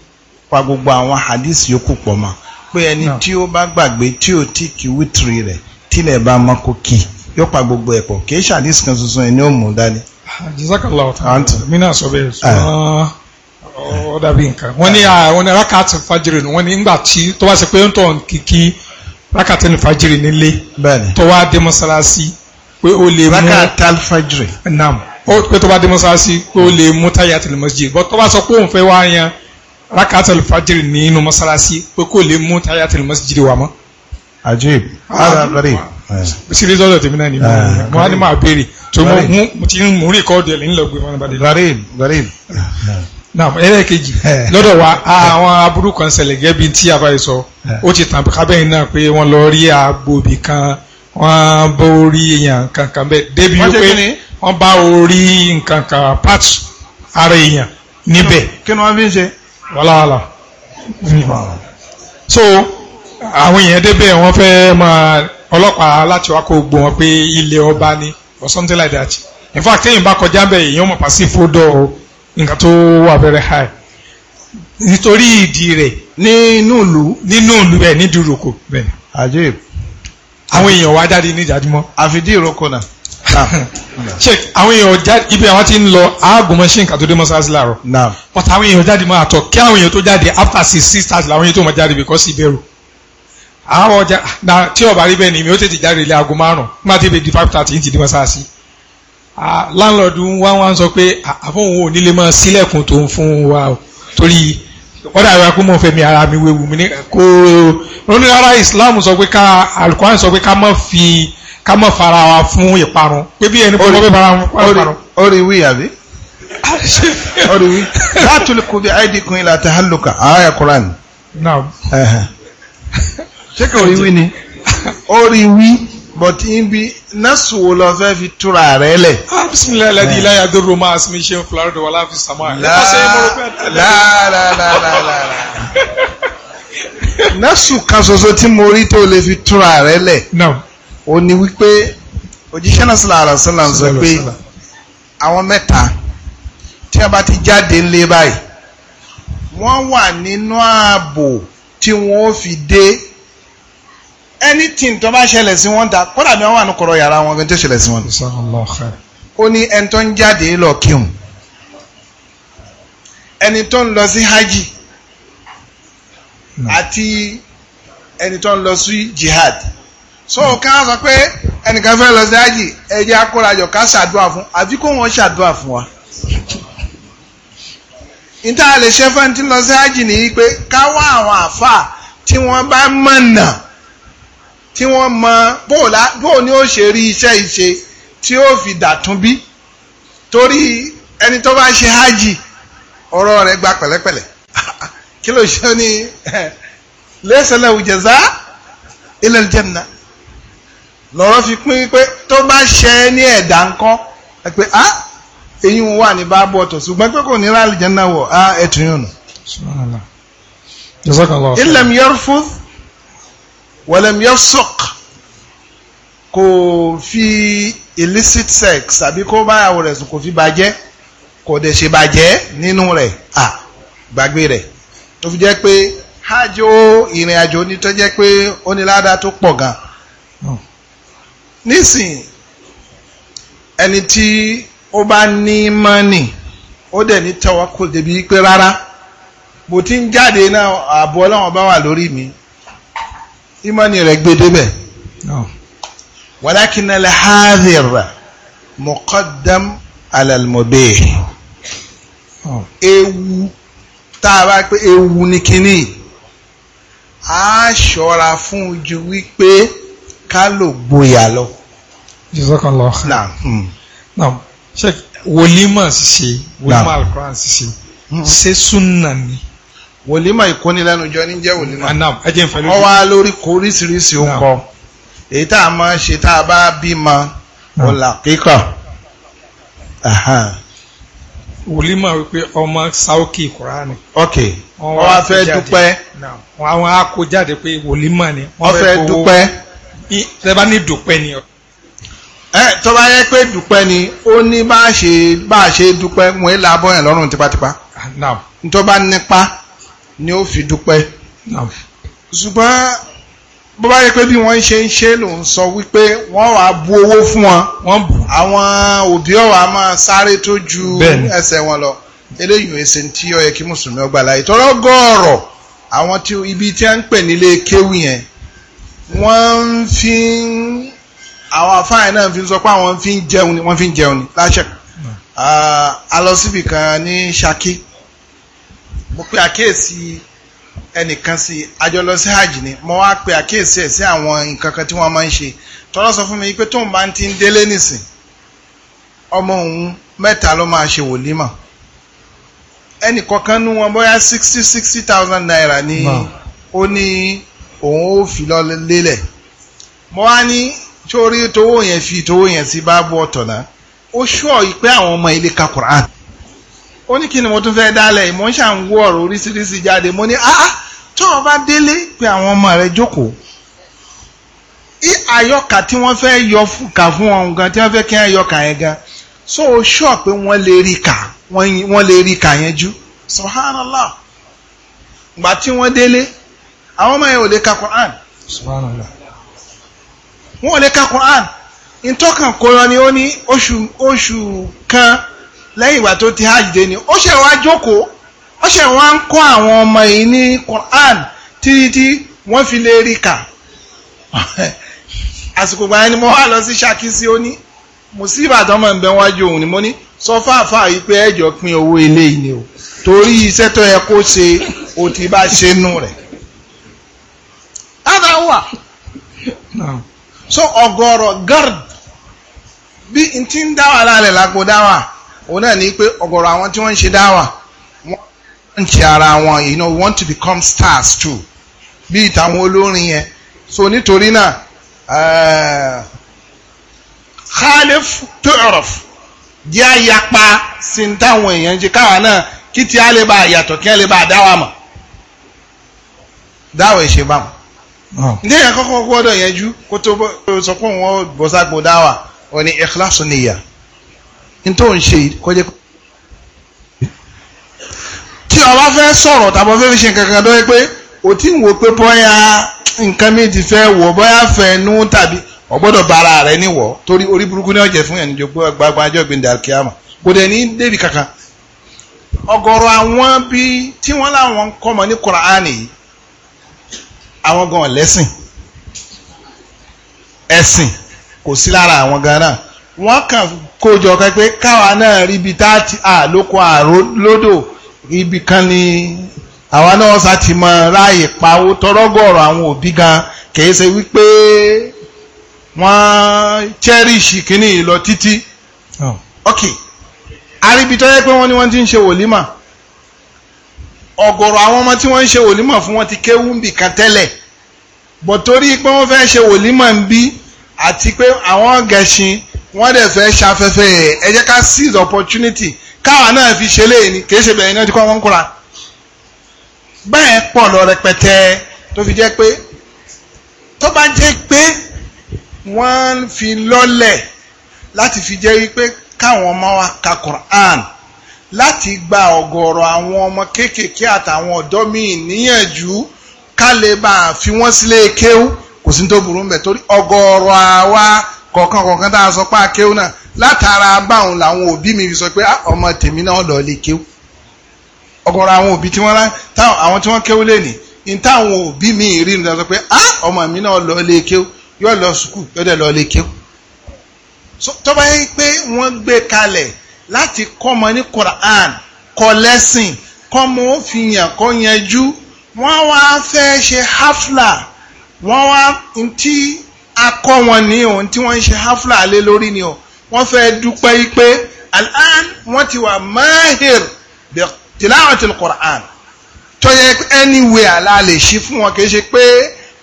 pa gbogbo àwọn hadith yòókù pọ̀ mọ́ pé ẹni tí ó bá gbàgbé tí ò tí kì í wítìrì rẹ̀ tílẹ̀ bá mọ́ kó kì í yóò pa gbogbo ẹ̀pọ̀ kì í ṣàdísì kan ṣoṣo ẹ̀ ní òmù dání. jazakallah ta'ala mina sọ bẹ́ẹ̀ sọ ó dàbí nǹkan wọ́n ní àwọn ah, rákàtì fàjìrì wọ́n ní nígbà tí tó bá ṣe pé ń tọ̀ kìkì rákàtì fàjìrì nílé tó wá dé mọ́sálásí pé ó lè mú rákàtì fàjìrì naam ó pé tó bá dé mọ́sálásí pé ó lè mú táyà tẹ̀lé mọ́sálásí bọ́ tó bá sọ pé òun fẹ́ wá yan rákàtì fàjìrì nínú mọ́sálásí pé kó lè mú táyà tẹ̀lé mọ́sálásí wà mọ́. ajib ara rẹ̀ sílé lọ́dọ̀ tèmi náà ni ah, mo á ní máa béèrè tó mo ti ń mú rìkọ́ọ̀dù ẹ̀ nílẹ̀ gbé wọn bá dé naam ẹlẹ́ẹ̀kejì lọ́dọ̀ wa àwọn aburú kan ṣẹlẹ̀ gẹ́bí tí a bá yìí sọ ó ti tàn kábẹ́yìn náà pé wọ́n lọ rí agbóbi kan wọ́n bó rí èèyàn kankan bẹ́ẹ̀ débi wípé wọ́n bá orí nǹkan kan part ara èèyàn níbẹ̀. kí ni wọ́n fi ń ṣe. wàláwàlá. Hmm. so àwọn èèyàn débẹ̀ wọ́n fẹ́ máa ọlọ́pàá láti wá kó gbó wọn pé ilé ọba ni or something like that in fact téèyàn bá kọjá bẹ́ẹ̀ èèyàn mọ̀ pàṣẹ fódò nǹkan tó wà very high nítorí ìdí rẹ̀ nínú ìlú nínú ìlú ẹ̀ ní dúrókò bẹ́ẹ̀. àjẹ́ àwọn èèyàn wá jáde ní ìjàdúmọ́. àfidí ìrókò náà. Ah. sheik àwọn èèyàn jáde ibi àwọn ti ń lọ aago mọ ṣe nǹkan tó dé mọ́ṣáláṣí láàárọ̀. but àwọn èèyàn jáde máa tọ̀ kí àwọn èèyàn tó jáde after six six thirty làwọn èèyàn tó máa jáde because ìbẹ̀rù. àwọn ọjà tí ọba rí bẹ́ẹ̀ ni mi ó tètè jáde ilé aago márùn-ún nígbà láńlọ́ọ̀dù wá wá ń sọ pé àfọ̀hún ò nílé máa sílẹ̀kùn tó ń fún wa o torí ọ̀dà ìwà pé mo fẹ́ mi ara mi wewu mi ní kó onírara Islam sọ pé ká al sọ pé ká má fi ká má fara wa fún ìparun pé bí ẹni pọ̀ pé fara wọn ìparun. ó rí wí àbí ó rí wí látúlù kò bí aidikum ila tahalluka ààyè Qur'an. ṣé kò rí wí ni ó wí but ibi nọ́ọ̀sì wo lọ fẹ́ fi túra rẹ lẹ̀. Ah, bisimilayi ladi ilaya do roma asimi seun filari do wala fi sama. la eh. la ṣoṣo tí mo rí tó lè fi túra rẹ lẹ̀. ó ní wípé òjíṣẹ́ náà sílẹ̀ àrà sílẹ̀ ń sọ pé àwọn mẹ́ta tí a bá ti jáde ńlé báyìí wọ́n wà nínú ààbò tí wọ́n fi dé anything tó bá ṣẹlẹ̀ sí wọn dà kódà bí wọ́n wà ní kọ̀rọ̀ yàrá wọn gan tó ṣẹlẹ̀ sí wọn. ó ní ẹni tó ń jáde lọ kírun ẹni tó ń lọ sí hajj hmm. àti ẹni tó ń lọ sí jihad so ká sọ pé ẹnìkan fẹ́ lọ sí hajj ẹ jẹ́ akórajọ ká ṣàdúrà fún àbí kó wọ́n ṣàdúrà fún wa níta lè ṣe fẹ́ ti lọ sí hajj nìyí pé ká wá àwọn àfà tí wọ́n bá mọ̀nà tí wọ́n mọ bóò ni ó ṣe rí iṣẹ́ ìṣe tí ó fi dàtún bí torí ẹni tó bá ṣe hájì ọ̀rọ̀ rẹ̀ gba pẹ̀lẹ́pẹ̀lẹ́ kí ló ṣe ní lẹ́sẹ̀lẹ̀ òjẹ̀zá ilẹ̀ jẹ́nà lọ́rọ̀ fi pín pé tó bá ṣe ní ẹ̀dá ńkọ́ ẹ pé ah èyí ń wà ní báàbù ọ̀tọ̀ ṣùgbọ́n pé kò ní rálì jẹ́nà wọ̀ ẹ̀tún yóò nù. ilẹ̀ mi yọrù fún walam yafsuq kò fi illicit sex àbí kó báyàwó rẹ̀ sùn kò fi bàjẹ́ kò dẹ̀ ṣe bàjẹ́ nínú rẹ̀ à gbàgbé rẹ̀ tó fi jẹ́ pé hajj ìrìn àjò ní tó jẹ́ pé ó ní ládàá tó pọ̀ gan nísìn ẹni tí ó bá ní mọ́nì ó dẹ̀ ní tawakkul débi pé rárá bó ti ń jáde náà ààbò ọlọ́run bá wà lórí mi imani rẹ̀ gbé débẹ̀ walakin al-hadhir muqaddam ala al-mubih ewu tá a bá pé ewu ní kínní a ṣọ́ra fún ju wípé ká lò gboyà lọ. Jazakallah khair. naam hmm. naam wòlímọ̀ ṣiṣẹ́ wòlímọ̀ hmm. alukóran ṣiṣẹ́ ṣe súnà wòlímà ìkónilẹ́nujọ ní jẹ́ wòlímà ọ wá lórí oríṣiríṣi ọkọ èyí tá a máa ṣe tá a bá bímọ ọ̀là kíkọ. wòlímà wípé ọmọ sáókì kuraani. ok wọ́n wá fẹ́ dúpẹ́. àwọn akó jáde pé wòlímà ni. wọ́n fẹ́ dúpẹ́. tẹ́ bá ní dúpẹ́ ni. ẹ tó bá yẹ pé dúpẹ́ ni ó ní bá a ṣe bá a ṣe dúpẹ́ wọn yẹn lọ́rùn tipátipá. Ah, ntọ́ bá nípa ni ó fi dúpẹ́ ṣùgbọ́n bó bá yẹ pé bí wọ́n ṣe ń ṣe lòun sọ wípé wọ́n wà á bu owó fún wọn àwọn òbí ọ̀wà máa sáré tó ju ẹsẹ̀ wọn lọ eléyìí èsì tí ó yẹ kí mùsùlùmí ọgbà láyé tọ́rọ́ gọ́ọ̀rọ̀ àwọn tí ibi tí a ń pè nílé kéwì yẹn wọ́n fi àwọn afáàyàn náà fi sọ pé àwọn fi ń jẹun ni wọ́n fi ń jẹun ni láṣẹ ah, a lọ ní Ṣakí mo pe àkíyèsí ẹnìkan sí àjọ lọ sí hajj ni mo wá pe àkíyèsí ẹ̀ sí àwọn nǹkan kan tí wọ́n máa ń ṣe tọ́lọ́ sọ fún mi pé tóun bá ń ti ń délé nìsín ọmọ òun mẹ́ta ló máa ṣe wòlímà ẹnì kọ̀ọ̀kan nú wọn bóyá sixty sixty thousand naira ni ó ní òun ó fi lọ lélẹ̀ mo wá ní sórí tówó yẹn fi tówó yẹn sí bá bú ọ̀tọ̀ ó ṣọ́ ọ pé àwọn ọmọ ilé ka Quran ó ní kí ni mo tún fẹ́ dálẹ̀ mo ń ṣàǹwó ọ̀rọ̀ oríṣiríṣi jáde mo ní ah, ah tí wọ́n bá délé pé àwọn ọmọ rẹ̀ jókòó àyọkà tí wọ́n fẹ́ yọ kà fún ọ̀hún gan tí wọ́n fẹ́ kí wọ́n yọ kà yẹn gan so sure pé wọ́n lè rí kà wọ́n lè rí kà yẹn jú subhanallah gbà tí wọ́n délé àwọn ọmọ yẹn ò lè ka Quran subhanallah wọ́n ò lè ka Quran ìtọ́kàn kó lọ ni ó ní oṣù oṣù kan lẹ́yìn ìgbà tó ti hajj dé ni ó ṣe wá jókòó ó ṣe wá ń kọ́ àwọn ọmọ yìí ní Quran títí tí wọ́n fi lè rí kà àsìkò gbà yẹn ni mo wá lọ sí Ṣakí sí ó ní mo sí Ìbàdàn mọ̀ ń wájú òun ni mo ní sọ fáfáà yìí pé ẹ̀jọ̀ pín owó ilé yìí ni o torí iṣẹ́ tó yẹ kó ṣe o ti bá ṣe nù rẹ̀. Ádá wà. So ọ̀gọ̀rọ̀ gard bí n ti ń dá wà lálẹ́ lágbo dá wà òun náà ní pé ọ̀gọ̀rọ̀ àwọn tí wọ́n ń ṣe dáwà wọ́n ń ṣe ara wọn you know want to become stars too bí ìtàwọn olórin yẹn so nítorí náà eh, khalif tu'raf jẹ́ àyapa sí ní táwọn èèyàn ṣe káwa náà kí tí a lè bá yàtọ̀ kí a lè bá dáwà mọ̀ dáwà ìṣe bá mọ̀ ní oh. èèyàn kọ́kọ́ gbọ́dọ̀ yẹn jú kó sọ pé wọ́n bọ́ sápò dáwà wọ́n ní ikhlasu niyya. n tó ń ṣe kọjá kó. tí o bá fẹ́ sọ̀rọ̀ tàbí o fẹ́ fi ṣe nǹkan kan tó yẹ pé o ti ń wo pé bóyá nǹkan mi ti fẹ́ wọ̀ bóyá fẹ́ nú tàbí o gbọ́dọ̀ bá ara rẹ torí orí burúkú ní ọ̀jẹ̀ fún ẹ̀ níjọ gbàgbà ajọ́ ìgbìndà kíámà kò dẹ̀ ní débi kankan ọ̀gọ̀rọ̀ àwọn bí tí wọ́n láwọn ń kọ́mọ ní kùránì yìí àwọn gan lẹ́sìn ẹ̀sìn kò sí lára àwọn gan náà wọ́n kàn kó jọ kan pé káwa náà ríbi tá a lóko àrólódò ibi kan ni àwa náà sá ti mọ ráàyè pawó tọrọgọrọ àwọn òbí gan kìí ṣe wípé wọ́n cherish kínní lọ títí oh. ok àríbi tó yẹ pé wọ́n ní wọ́n ti ń ṣe wòlímà ọ̀gọ̀rọ̀ àwọn ọmọ tí wọ́n ń ṣe wòlímà fún wọn ti kéwú ń kan tẹ́lẹ̀ bọ̀ torí pé wọ́n fẹ́ ṣe wòlímà ń bí àti pé àwọn gẹ̀ṣin wọ́n dẹ̀ fẹ́ ṣafẹ́fẹ́ ẹ̀ ẹ jẹ́ ká seize opportunity káwa náà fi ṣe léyìn ni kìí ṣe bẹ̀rẹ̀ iná tí kọ́ wọ́n kúra bẹ́ẹ̀ pọ̀ lọ rẹpẹtẹ tó fi jẹ́ pé tó bá jẹ́ pé wọ́n fi lọ́lẹ̀ láti fi jẹ́ wípé káwọn ọmọ wa ka Quran láti gba ọ̀gọ̀ọ̀rọ̀ àwọn ọmọ kéékèèké àtàwọn ọ̀dọ́ míì níyànjú ká lè bá fi wọ́n sílé kéwú kò sí tó burú ń bẹ̀ torí ọ̀gọ̀ọ̀rọ̀ àwa kọ̀ọ̀kan kọ̀ọ̀kan tá a sọ pé akéwù náà látara báwọn làwọn òbí mi fi sọ pé ah, ọmọ tèmi náà lọ lè kéwù ọ̀gọ̀rọ̀ àwọn òbí tí wọ́n rán àwọn tí wọ́n kéwù lè ní ní táwọn òbí mi rí ní sọ pé ah, ọmọ mi náà lọ lè kéwù yóò lọ sùkúù yóò dẹ̀ lọ lè kéwù tó bá yẹ pé wọ́n gbé kalẹ̀ láti kọ́mọ ní Quran kọ́ lẹ́sìn kọ́mọ ó fi yàn kọ́ yanjú wọ́n wá fẹ́ ṣe hafla wọ́n wá ntí akọ́ wọn ní òun tí wọ́n ń ṣe hafla lé lórí ni o wọ́n fẹ́ dúpẹ́ pé al'an wọ́n ti wà mahir bi tilawati al-Qur'an tó yẹ anyway àlá lè ṣí fún wọn kì í ṣe pé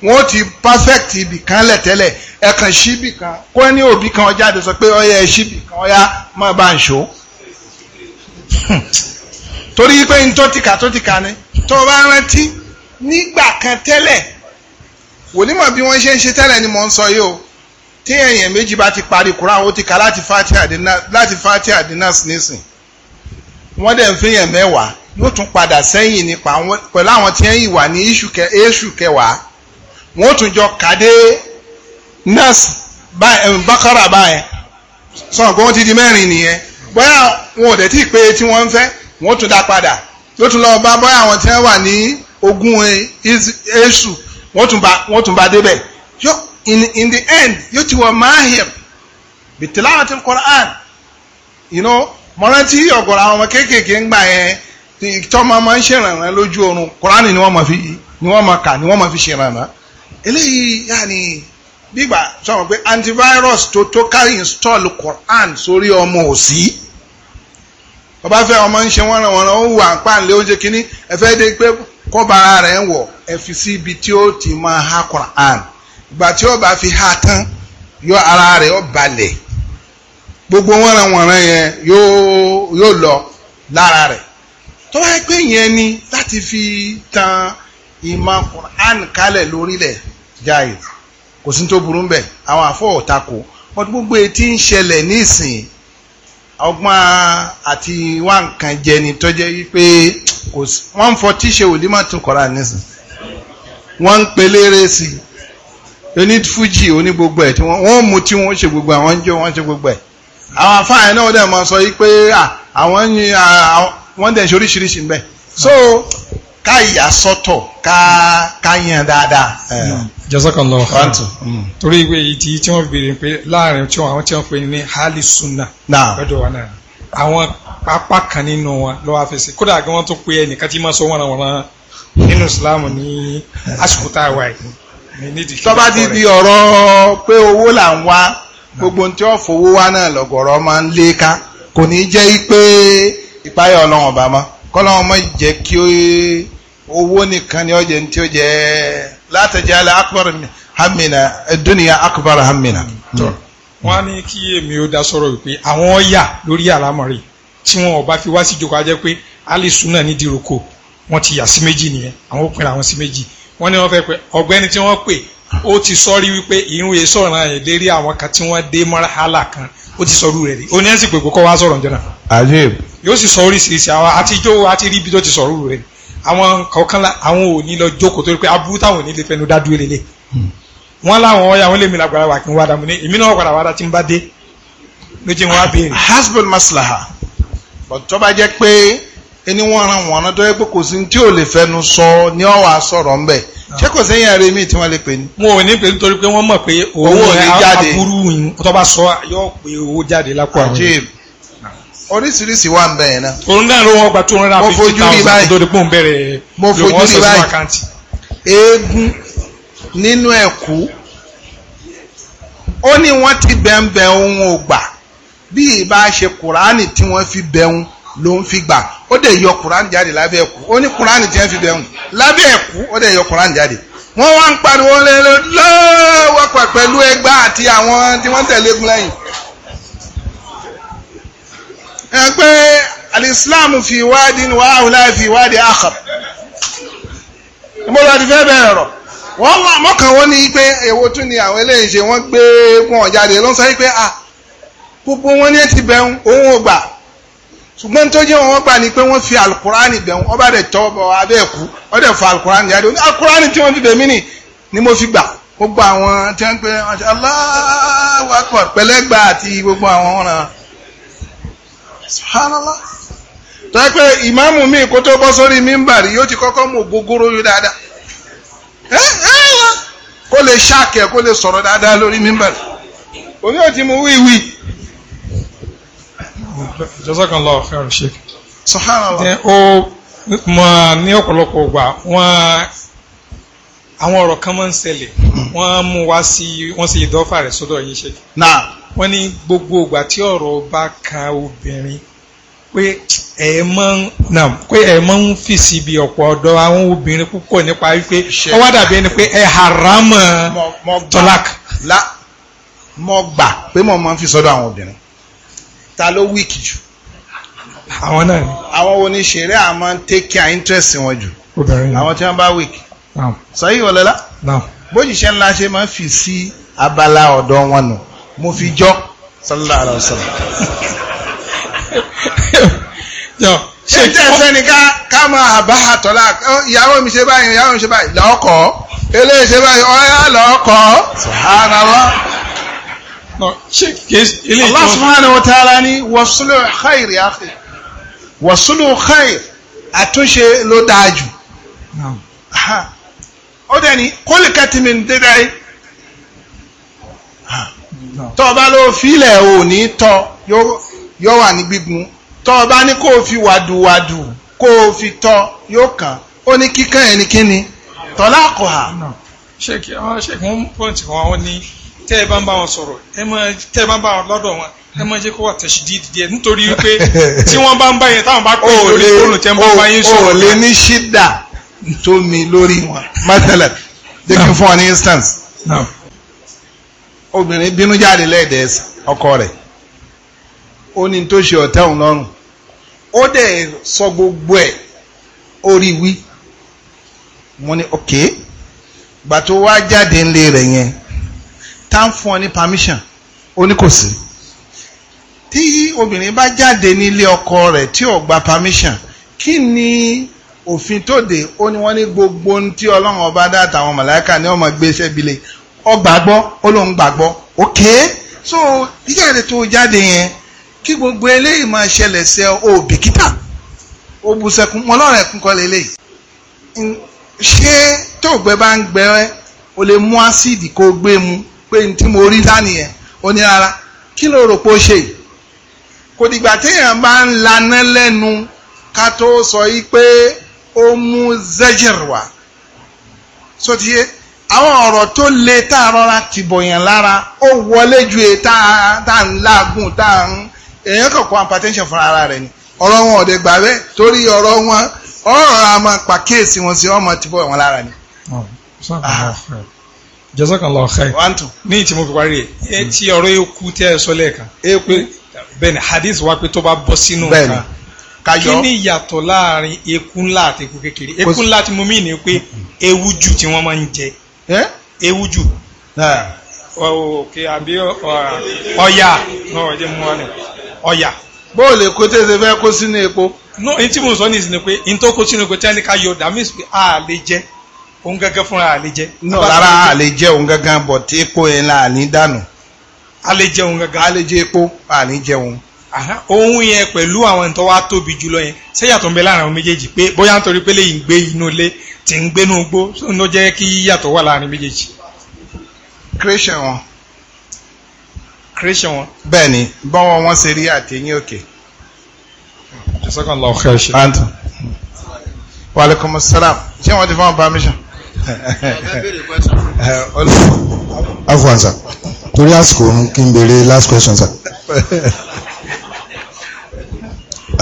wọ́n ti perfect ibì kan lẹ̀tẹ́lẹ̀ ẹ̀kan ṣí ibì kan kó ní òbí kan jáde sọ pé ọyẹ ṣí ibì kan ọyá máa bá ń ṣó torí pé n tó ti kà tó ti ni tó bá rántí nígbà kan tẹ́lẹ̀ wòlímọ̀ bí wọ́n ṣe ń ṣe tẹ́lẹ̀ ni mò ń sọ yìí o tí èèyàn méjì bá ti parí Quran ó ti ka láti fati adinas nísìn wọ́n dẹ̀ ń fi èèyàn mẹ́wàá yóò tún padà sẹ́yìn nípa pẹ̀lú àwọn tí ń ìwà ní èṣù kẹwàá wọ́n tún jọ kàdé nurse bákàrà báyẹn sọ̀rọ̀ pé wọ́n ti di mẹ́rin nìyẹn bóyá wọn ò dẹ̀ tí ì pé tí wọ́n ń fẹ́ wọ́n tún dá padà yóò tún lọ bá bóyá àwọn tí wọ́n wà ní ogún èṣù eh, wọ́n tún bá débẹ̀ yóò in the end yóò ti wọ mahir bitilawati Quran you know mọ́rántí ọ̀gọ̀rọ̀ àwọn ọmọ kéékèèké ń gbà yẹn tọ́mọ máa ń ṣèrànràn lójú oorun Quran ni wọ́n máa fi ni wọ́n máa kà ni wọ́n máa fi ṣèrànràn eléyìí yáni gbígbà sọ̀rọ̀ pé antivirus tó tó ká install Quran sórí ọmọ òsì ọba fẹ́ ọmọ ń ṣe wọ́nranwọ́nran ó wù àpáǹlé oúnjẹ kínní ẹ̀fẹ́ dé pé kọ́ bara rẹ̀ ń wọ̀ ẹ fi sí ibi tí ó ti máa ha Quran ìgbà tí ó bá fi ha tán yóò ara rẹ̀ ó balẹ̀ gbogbo wọ́nranwọ̀nran yẹn yóò lọ lára rẹ̀ tó wáá pé yẹn ni láti fi tan ìmọ̀ Quran kálẹ̀ lórílẹ̀ jáì kò sí tó burú bẹ́ẹ̀ àwọn àfọ̀ ọ̀tá kò wọ́n gbogbo etí ń ṣẹlẹ̀ nísìnyí ọgbọ́n àti wá nǹkan jẹ ni tọ́jẹ́ wípé wọ́n ń fọ tíṣe òlímọ̀ tún Quran nísìnyí wọ́n ń pelére sí oní fújì oní gbogbo ẹ̀ tí wọ́n mú tí wọ́n ṣe gbogbo àwọn jẹ́ wọ́n ṣe gbogbo ẹ̀ àwọn afáàyàn náà dẹ̀ máa sọ wípé àwọn ń wọ́n dẹ̀ ṣe oríṣiríṣi ń bẹ̀ so ká ìyà sọ́tọ̀ ká yàn dáadáa. jazakallah khantu mm. torí ìwé ìdí tí wọ́n béèrè pé láàrin tí wọ́n tí wọ́n pè ní hali sunna lọ́dọ̀ wa náà àwọn apá kan nínú wọn lọ́wọ́ àfẹsẹ̀ kódà gan wọ́n tó pe ẹnìkan tí máa sọ wọ́n nínú ìsìláàmù ní àsìkò tá a wà yìí. tó bá di ọ̀rọ̀ owó là ń gbogbo tí ó fowó wá náà lọ̀gọ̀rọ̀ máa ń lé ká kò ní jẹ́ ọba mọ́ kọ́lọ́run mọ́ jẹ́ kí owó nìkan ni ó tí ó jẹ́ látẹ̀jẹ́ alẹ́ hamina dúnìyà akbar hamina. Hmm. wọ́n á ní kí èmi ó dá wípé àwọn ọ̀yà lórí fi wá ajẹ́ pé alẹ́ sùn náà ní wọ́n ti yà sí méjì nìyẹn àwọn ó pinra àwọn sí méjì wọ́n ní wọ́n fẹ́ pé ọ̀gbẹ́ni tí wọ́n pè ó ti sọ́rí wípé ìrún yẹn sọ̀rọ̀ yẹn lérí àwọn kan tí wọ́n dé mọ́ràhálà kan ó ti sọ̀rú rẹ̀ rí ó ní ẹ̀sìn pé kókó wá sọ̀rọ̀ njọ́nà. ajib. yóò sì sọ oríṣiríṣi àwọn àtijọ́ àti ríbi tó ti sọ̀rú rẹ̀ àwọn kọ̀ọ̀kan àwọn ò ní lọ jókòó torí pé aburú táwọn ò ní lè fẹnu dá dúró lélẹ̀. Hmm. wọ́n láwọn ọ̀ya wọn lè mi làgbára wà kí n wá dàmú ní èmi náà padà wá dá tí n bá dé ló wọn á béèrè. hasbul maslaha bọ̀ tó bá jẹ́ pé ẹni wọ́n ran wọ́n ọ̀nà tó yẹ pé kò sí tí ò lè fẹnu sọ ní ọ̀wà sọ̀rọ̀ ńbẹ̀ ṣé kò sẹ́yìn ẹ̀rẹ́ mi tí wọ́n lè pè ní. wọn ò ní pè nítorí pé wọ́n mọ̀ pé owó aburú yìí tó bá sọ yóò pé owó jáde lápò àwọn. oríṣiríṣi wà ń bẹ̀ yẹn náà. òun náà ló wọ́n gba two hundred and fifty thousand tó dépò ń bẹ̀rẹ̀ lòun ọ̀sẹ̀ sí àkáǹtì. eégún nínú ẹ̀kú ó ní wọ́n ti bẹ̀ ń bẹ̀ òun ò gbà bí ìbá ṣe kùránì tí wọ́n fi bẹ̀ òun ló ń fi gbà ó dẹ̀ yọ Quran jáde lábẹ́ ẹ̀kú ó ní Quran tí wọ́n fi bẹ̀rù lábẹ́ ẹ̀kú ó dẹ̀ yọ Quran jáde wọ́n wá ń pariwo lọ́wọ́ pẹ̀lú ẹgbà àti àwọn tí wọ́n tẹ̀lé gun lẹ́yìn. ẹ pé alìsílámù fi wádìí wà áhùláì fi wádìí àkàr ìbọn láti fẹ́ bẹ̀rẹ̀ rọ̀ wọ́n wà wọ́n ní pé èwo tún ni àwọn eléyìí ṣe wọ́n gbé ah, wọn jáde ló ṣùgbọ́n tó jẹ́ wọn gbà ní pé wọ́n fi alukurani bẹ̀ wọ́n bá dẹ̀ tọ́ bọ̀ abẹ́ ẹ̀kú wọ́n dẹ̀ fa alukurani jáde ní alukurani tí wọ́n fi bẹ̀mí nì ni mo fi gbà gbogbo àwọn tí wọ́n pe Allahu Akbar pẹ̀lẹ́gbà àti gbogbo àwọn ọ̀ràn subhanallah tó yẹ pé ìmáàmù mi kó tó bọ́ sórí mímbàrí yóò ti kọ́kọ́ mú gbogbooro yóò dáadáa kó lè ṣáàkẹ́ kó lè sọ̀rọ̀ dáadáa lórí mímbàrí òní ò ti mú wíwí jazakallah khairan sheik. sọ̀hánàlá. ó oh, mọ ní ọ̀pọ̀lọpọ̀ gbà wọ́n àwọn ọ̀rọ̀ kan máa ń ṣẹlẹ̀ wọ́n mú wá sí wọ́n sì ìdọ́fà rẹ̀ sọ́dọ̀ yín sheik. náà. wọ́n ní gbogbo ìgbà tí ọ̀rọ̀ bá kan obìnrin pé ẹ mọ náà pé ẹ mọ ń fi síbi ọ̀pọ̀ ọ̀dọ́ àwọn obìnrin púpọ̀ nípa wípé wọ́n wá dàbí ẹni pé ẹ haram tọ́lák. mo gbà pé mo máa ń fi sọ́dọ̀ àwọn obìnrin ta ló wíìkì jù. àwọn náà ni. àwọn wo ni ṣeré àmọ́ ń take care interest wọn jù. obìnrin náà àwọn tí wọ́n bá wíìkì. sọyí ọ̀lẹ́lá. bójìṣẹ́ ńlá ṣe máa ń fi sí abala ọ̀dọ́ wọn nù mo fi jọ́ sallallahu alaihi wasallam. ṣe tẹ́sẹ̀ ni ká máa àbáhà tọ́lá ìyàwó mi ṣe báyìí ìyàwó mi ṣe báyìí lọ́kọ̀ọ́ eléyìí ṣe báyìí ọ̀yà lọ́kọ̀ọ́ subhanallah. Allah subhanahu wa ta'ala ni wasulu khair ya akhi wasulu khair àtúnṣe ló dáa jù ó dẹ̀ ní kólíkẹ́tì mi ń dédá yìí tọ́ ọ bá ló filẹ̀ ò ní tọ́ yóò wà ní gbígun tọ́ ọ bá ní kó o fi wàdùwàdù kó o fi tọ́ yóò kàn ó ní kíkàn ẹnikẹ́ni tọ́lá kò hà. ṣé kí wọ́n ṣe kí wọ́n pọ̀ tí ní tẹ́ ẹ bá ń bá wọn sọ̀rọ̀ ẹ máa tẹ́ ẹ bá ń bá wọn lọ́dọ̀ wọn ẹ máa jẹ́ kó wà tẹ̀sí dídì díẹ̀ nítorí pé tí wọ́n bá ń bá yẹn táwọn bá pè é lórí fóònù tẹ́ ń bá yín sọ̀rọ̀. o lè ní ṣídà tó mi lórí wọn. mátẹ́lẹ̀ jẹ́ fún ọ ní instance. obìnrin bínú jáde lẹ́ẹ̀dẹ́sì ọkọ rẹ̀ ó ní tó ṣe ọ̀tẹ́ òun lọ́rùn ó dẹ̀ sọ gbogbo ẹ̀ ó rí wí mo ní ok gbà tó wá jáde ńlé rẹ̀ yẹn tá fún ọ ní permission ó ní kò sí. tí obìnrin bá jáde nílé ọkọ rẹ̀ tí ò gba permission kí ni òfin tó dé ó ní wọ́n ní gbogbo ohun tí ọlọ́run ọba dá àtàwọn màláíkà ní ọmọ gbé iṣẹ́ ìbílẹ̀ ọgbàgbọ́ ó lóun gbàgbọ́ ok so jíjáde tó jáde yẹn kí gbogbo eléyìí máa ṣẹlẹ̀ sí ọ ò bìkítà ó bu sẹ́kún mọ́ lọ́rùn ẹ̀kún kọ́ lélẹ́yìí ṣé tó bá ń gbẹ ẹ lè mú ásíìdì kó gbé mu pé n tí mo rí lánìyẹn ó ní rárá kí ló rò pé ó ṣe kò dìgbà téèyàn bá ń laná lẹ́nu ká tó sọ yí pé ó mú zẹ́jẹ̀r wá sotiye àwọn ọ̀rọ̀ tó le tá a rọra ti bọ̀yàn lára ó wọlé ju e tá a ń láàgùn tá a ń èèyàn kàn kó hypertension fún ara rẹ̀ ni ọ̀rọ̀ wọn ọ̀dẹ̀ gbà bẹ́ẹ̀ torí ọ̀rọ̀ wọn ọ̀rọ̀ àmọ́ pàkíyèsí wọn sí ọmọ ti bọ̀ wọn lára ni. Oh, Jazakallahu khair. one two. ní ìtì mo fi parí ẹ ti ọ̀rọ̀ eku tí ẹ sọ lẹ́ẹ̀kan. eku. bẹ́ẹ̀ hadith wa pé tó bá bọ́ sínú nǹkan. kí ni ìyàtọ̀ láàrin eku ńlá àti eku kékeré eku ńlá tí mo mí ni pé ewu jù tí wọ́n máa ń jẹ. ewu jù. òkè ọ̀yà ọ̀yà. bóòlù èkó tẹ̀sẹ̀ fẹ́ kó sínú epo. no etí mo sọ ní ìsìn ni pé ntọ́ kó sínú epo tí wọ́n ní ká yọ dàmí a lè jẹ òun gẹ́gẹ́ fúnra àlè jẹ́. náà rárá àlè jẹ́ òun gẹ́gẹ́ bọ̀ tí epo yẹn la àní dànù. àlè jẹ́ òun gẹ́gẹ́. àlè jẹ́ epo àní jẹ́ òun. ohun yẹn pẹ̀lú àwọn tó wá tóbi jùlọ yẹn ṣéyàtọ̀ ń bẹ láàrin àwọn méjèèjì pé bóyá nítorí pé lèyìn gbé inú ilé tí ń gbénú igbó ló jẹ́ kí yàtọ̀ wà láàrin méjèèjì. creation wọn. creation wọn. bẹ́ẹ̀ni bọ́wọ́ wọn ṣe rí àtẹ̀yìn òkè. jazakallahu khairan. wa alaikum assalam ṣé afwan sir torí àsìkò òun kí n béèrè last question sir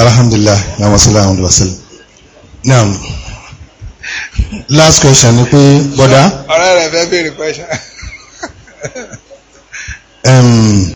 alhamdulilah na wasala ahmed wasala now last question ni pé bọ́dá. ọ̀rẹ́ rẹ̀ fẹ́ béèrè question.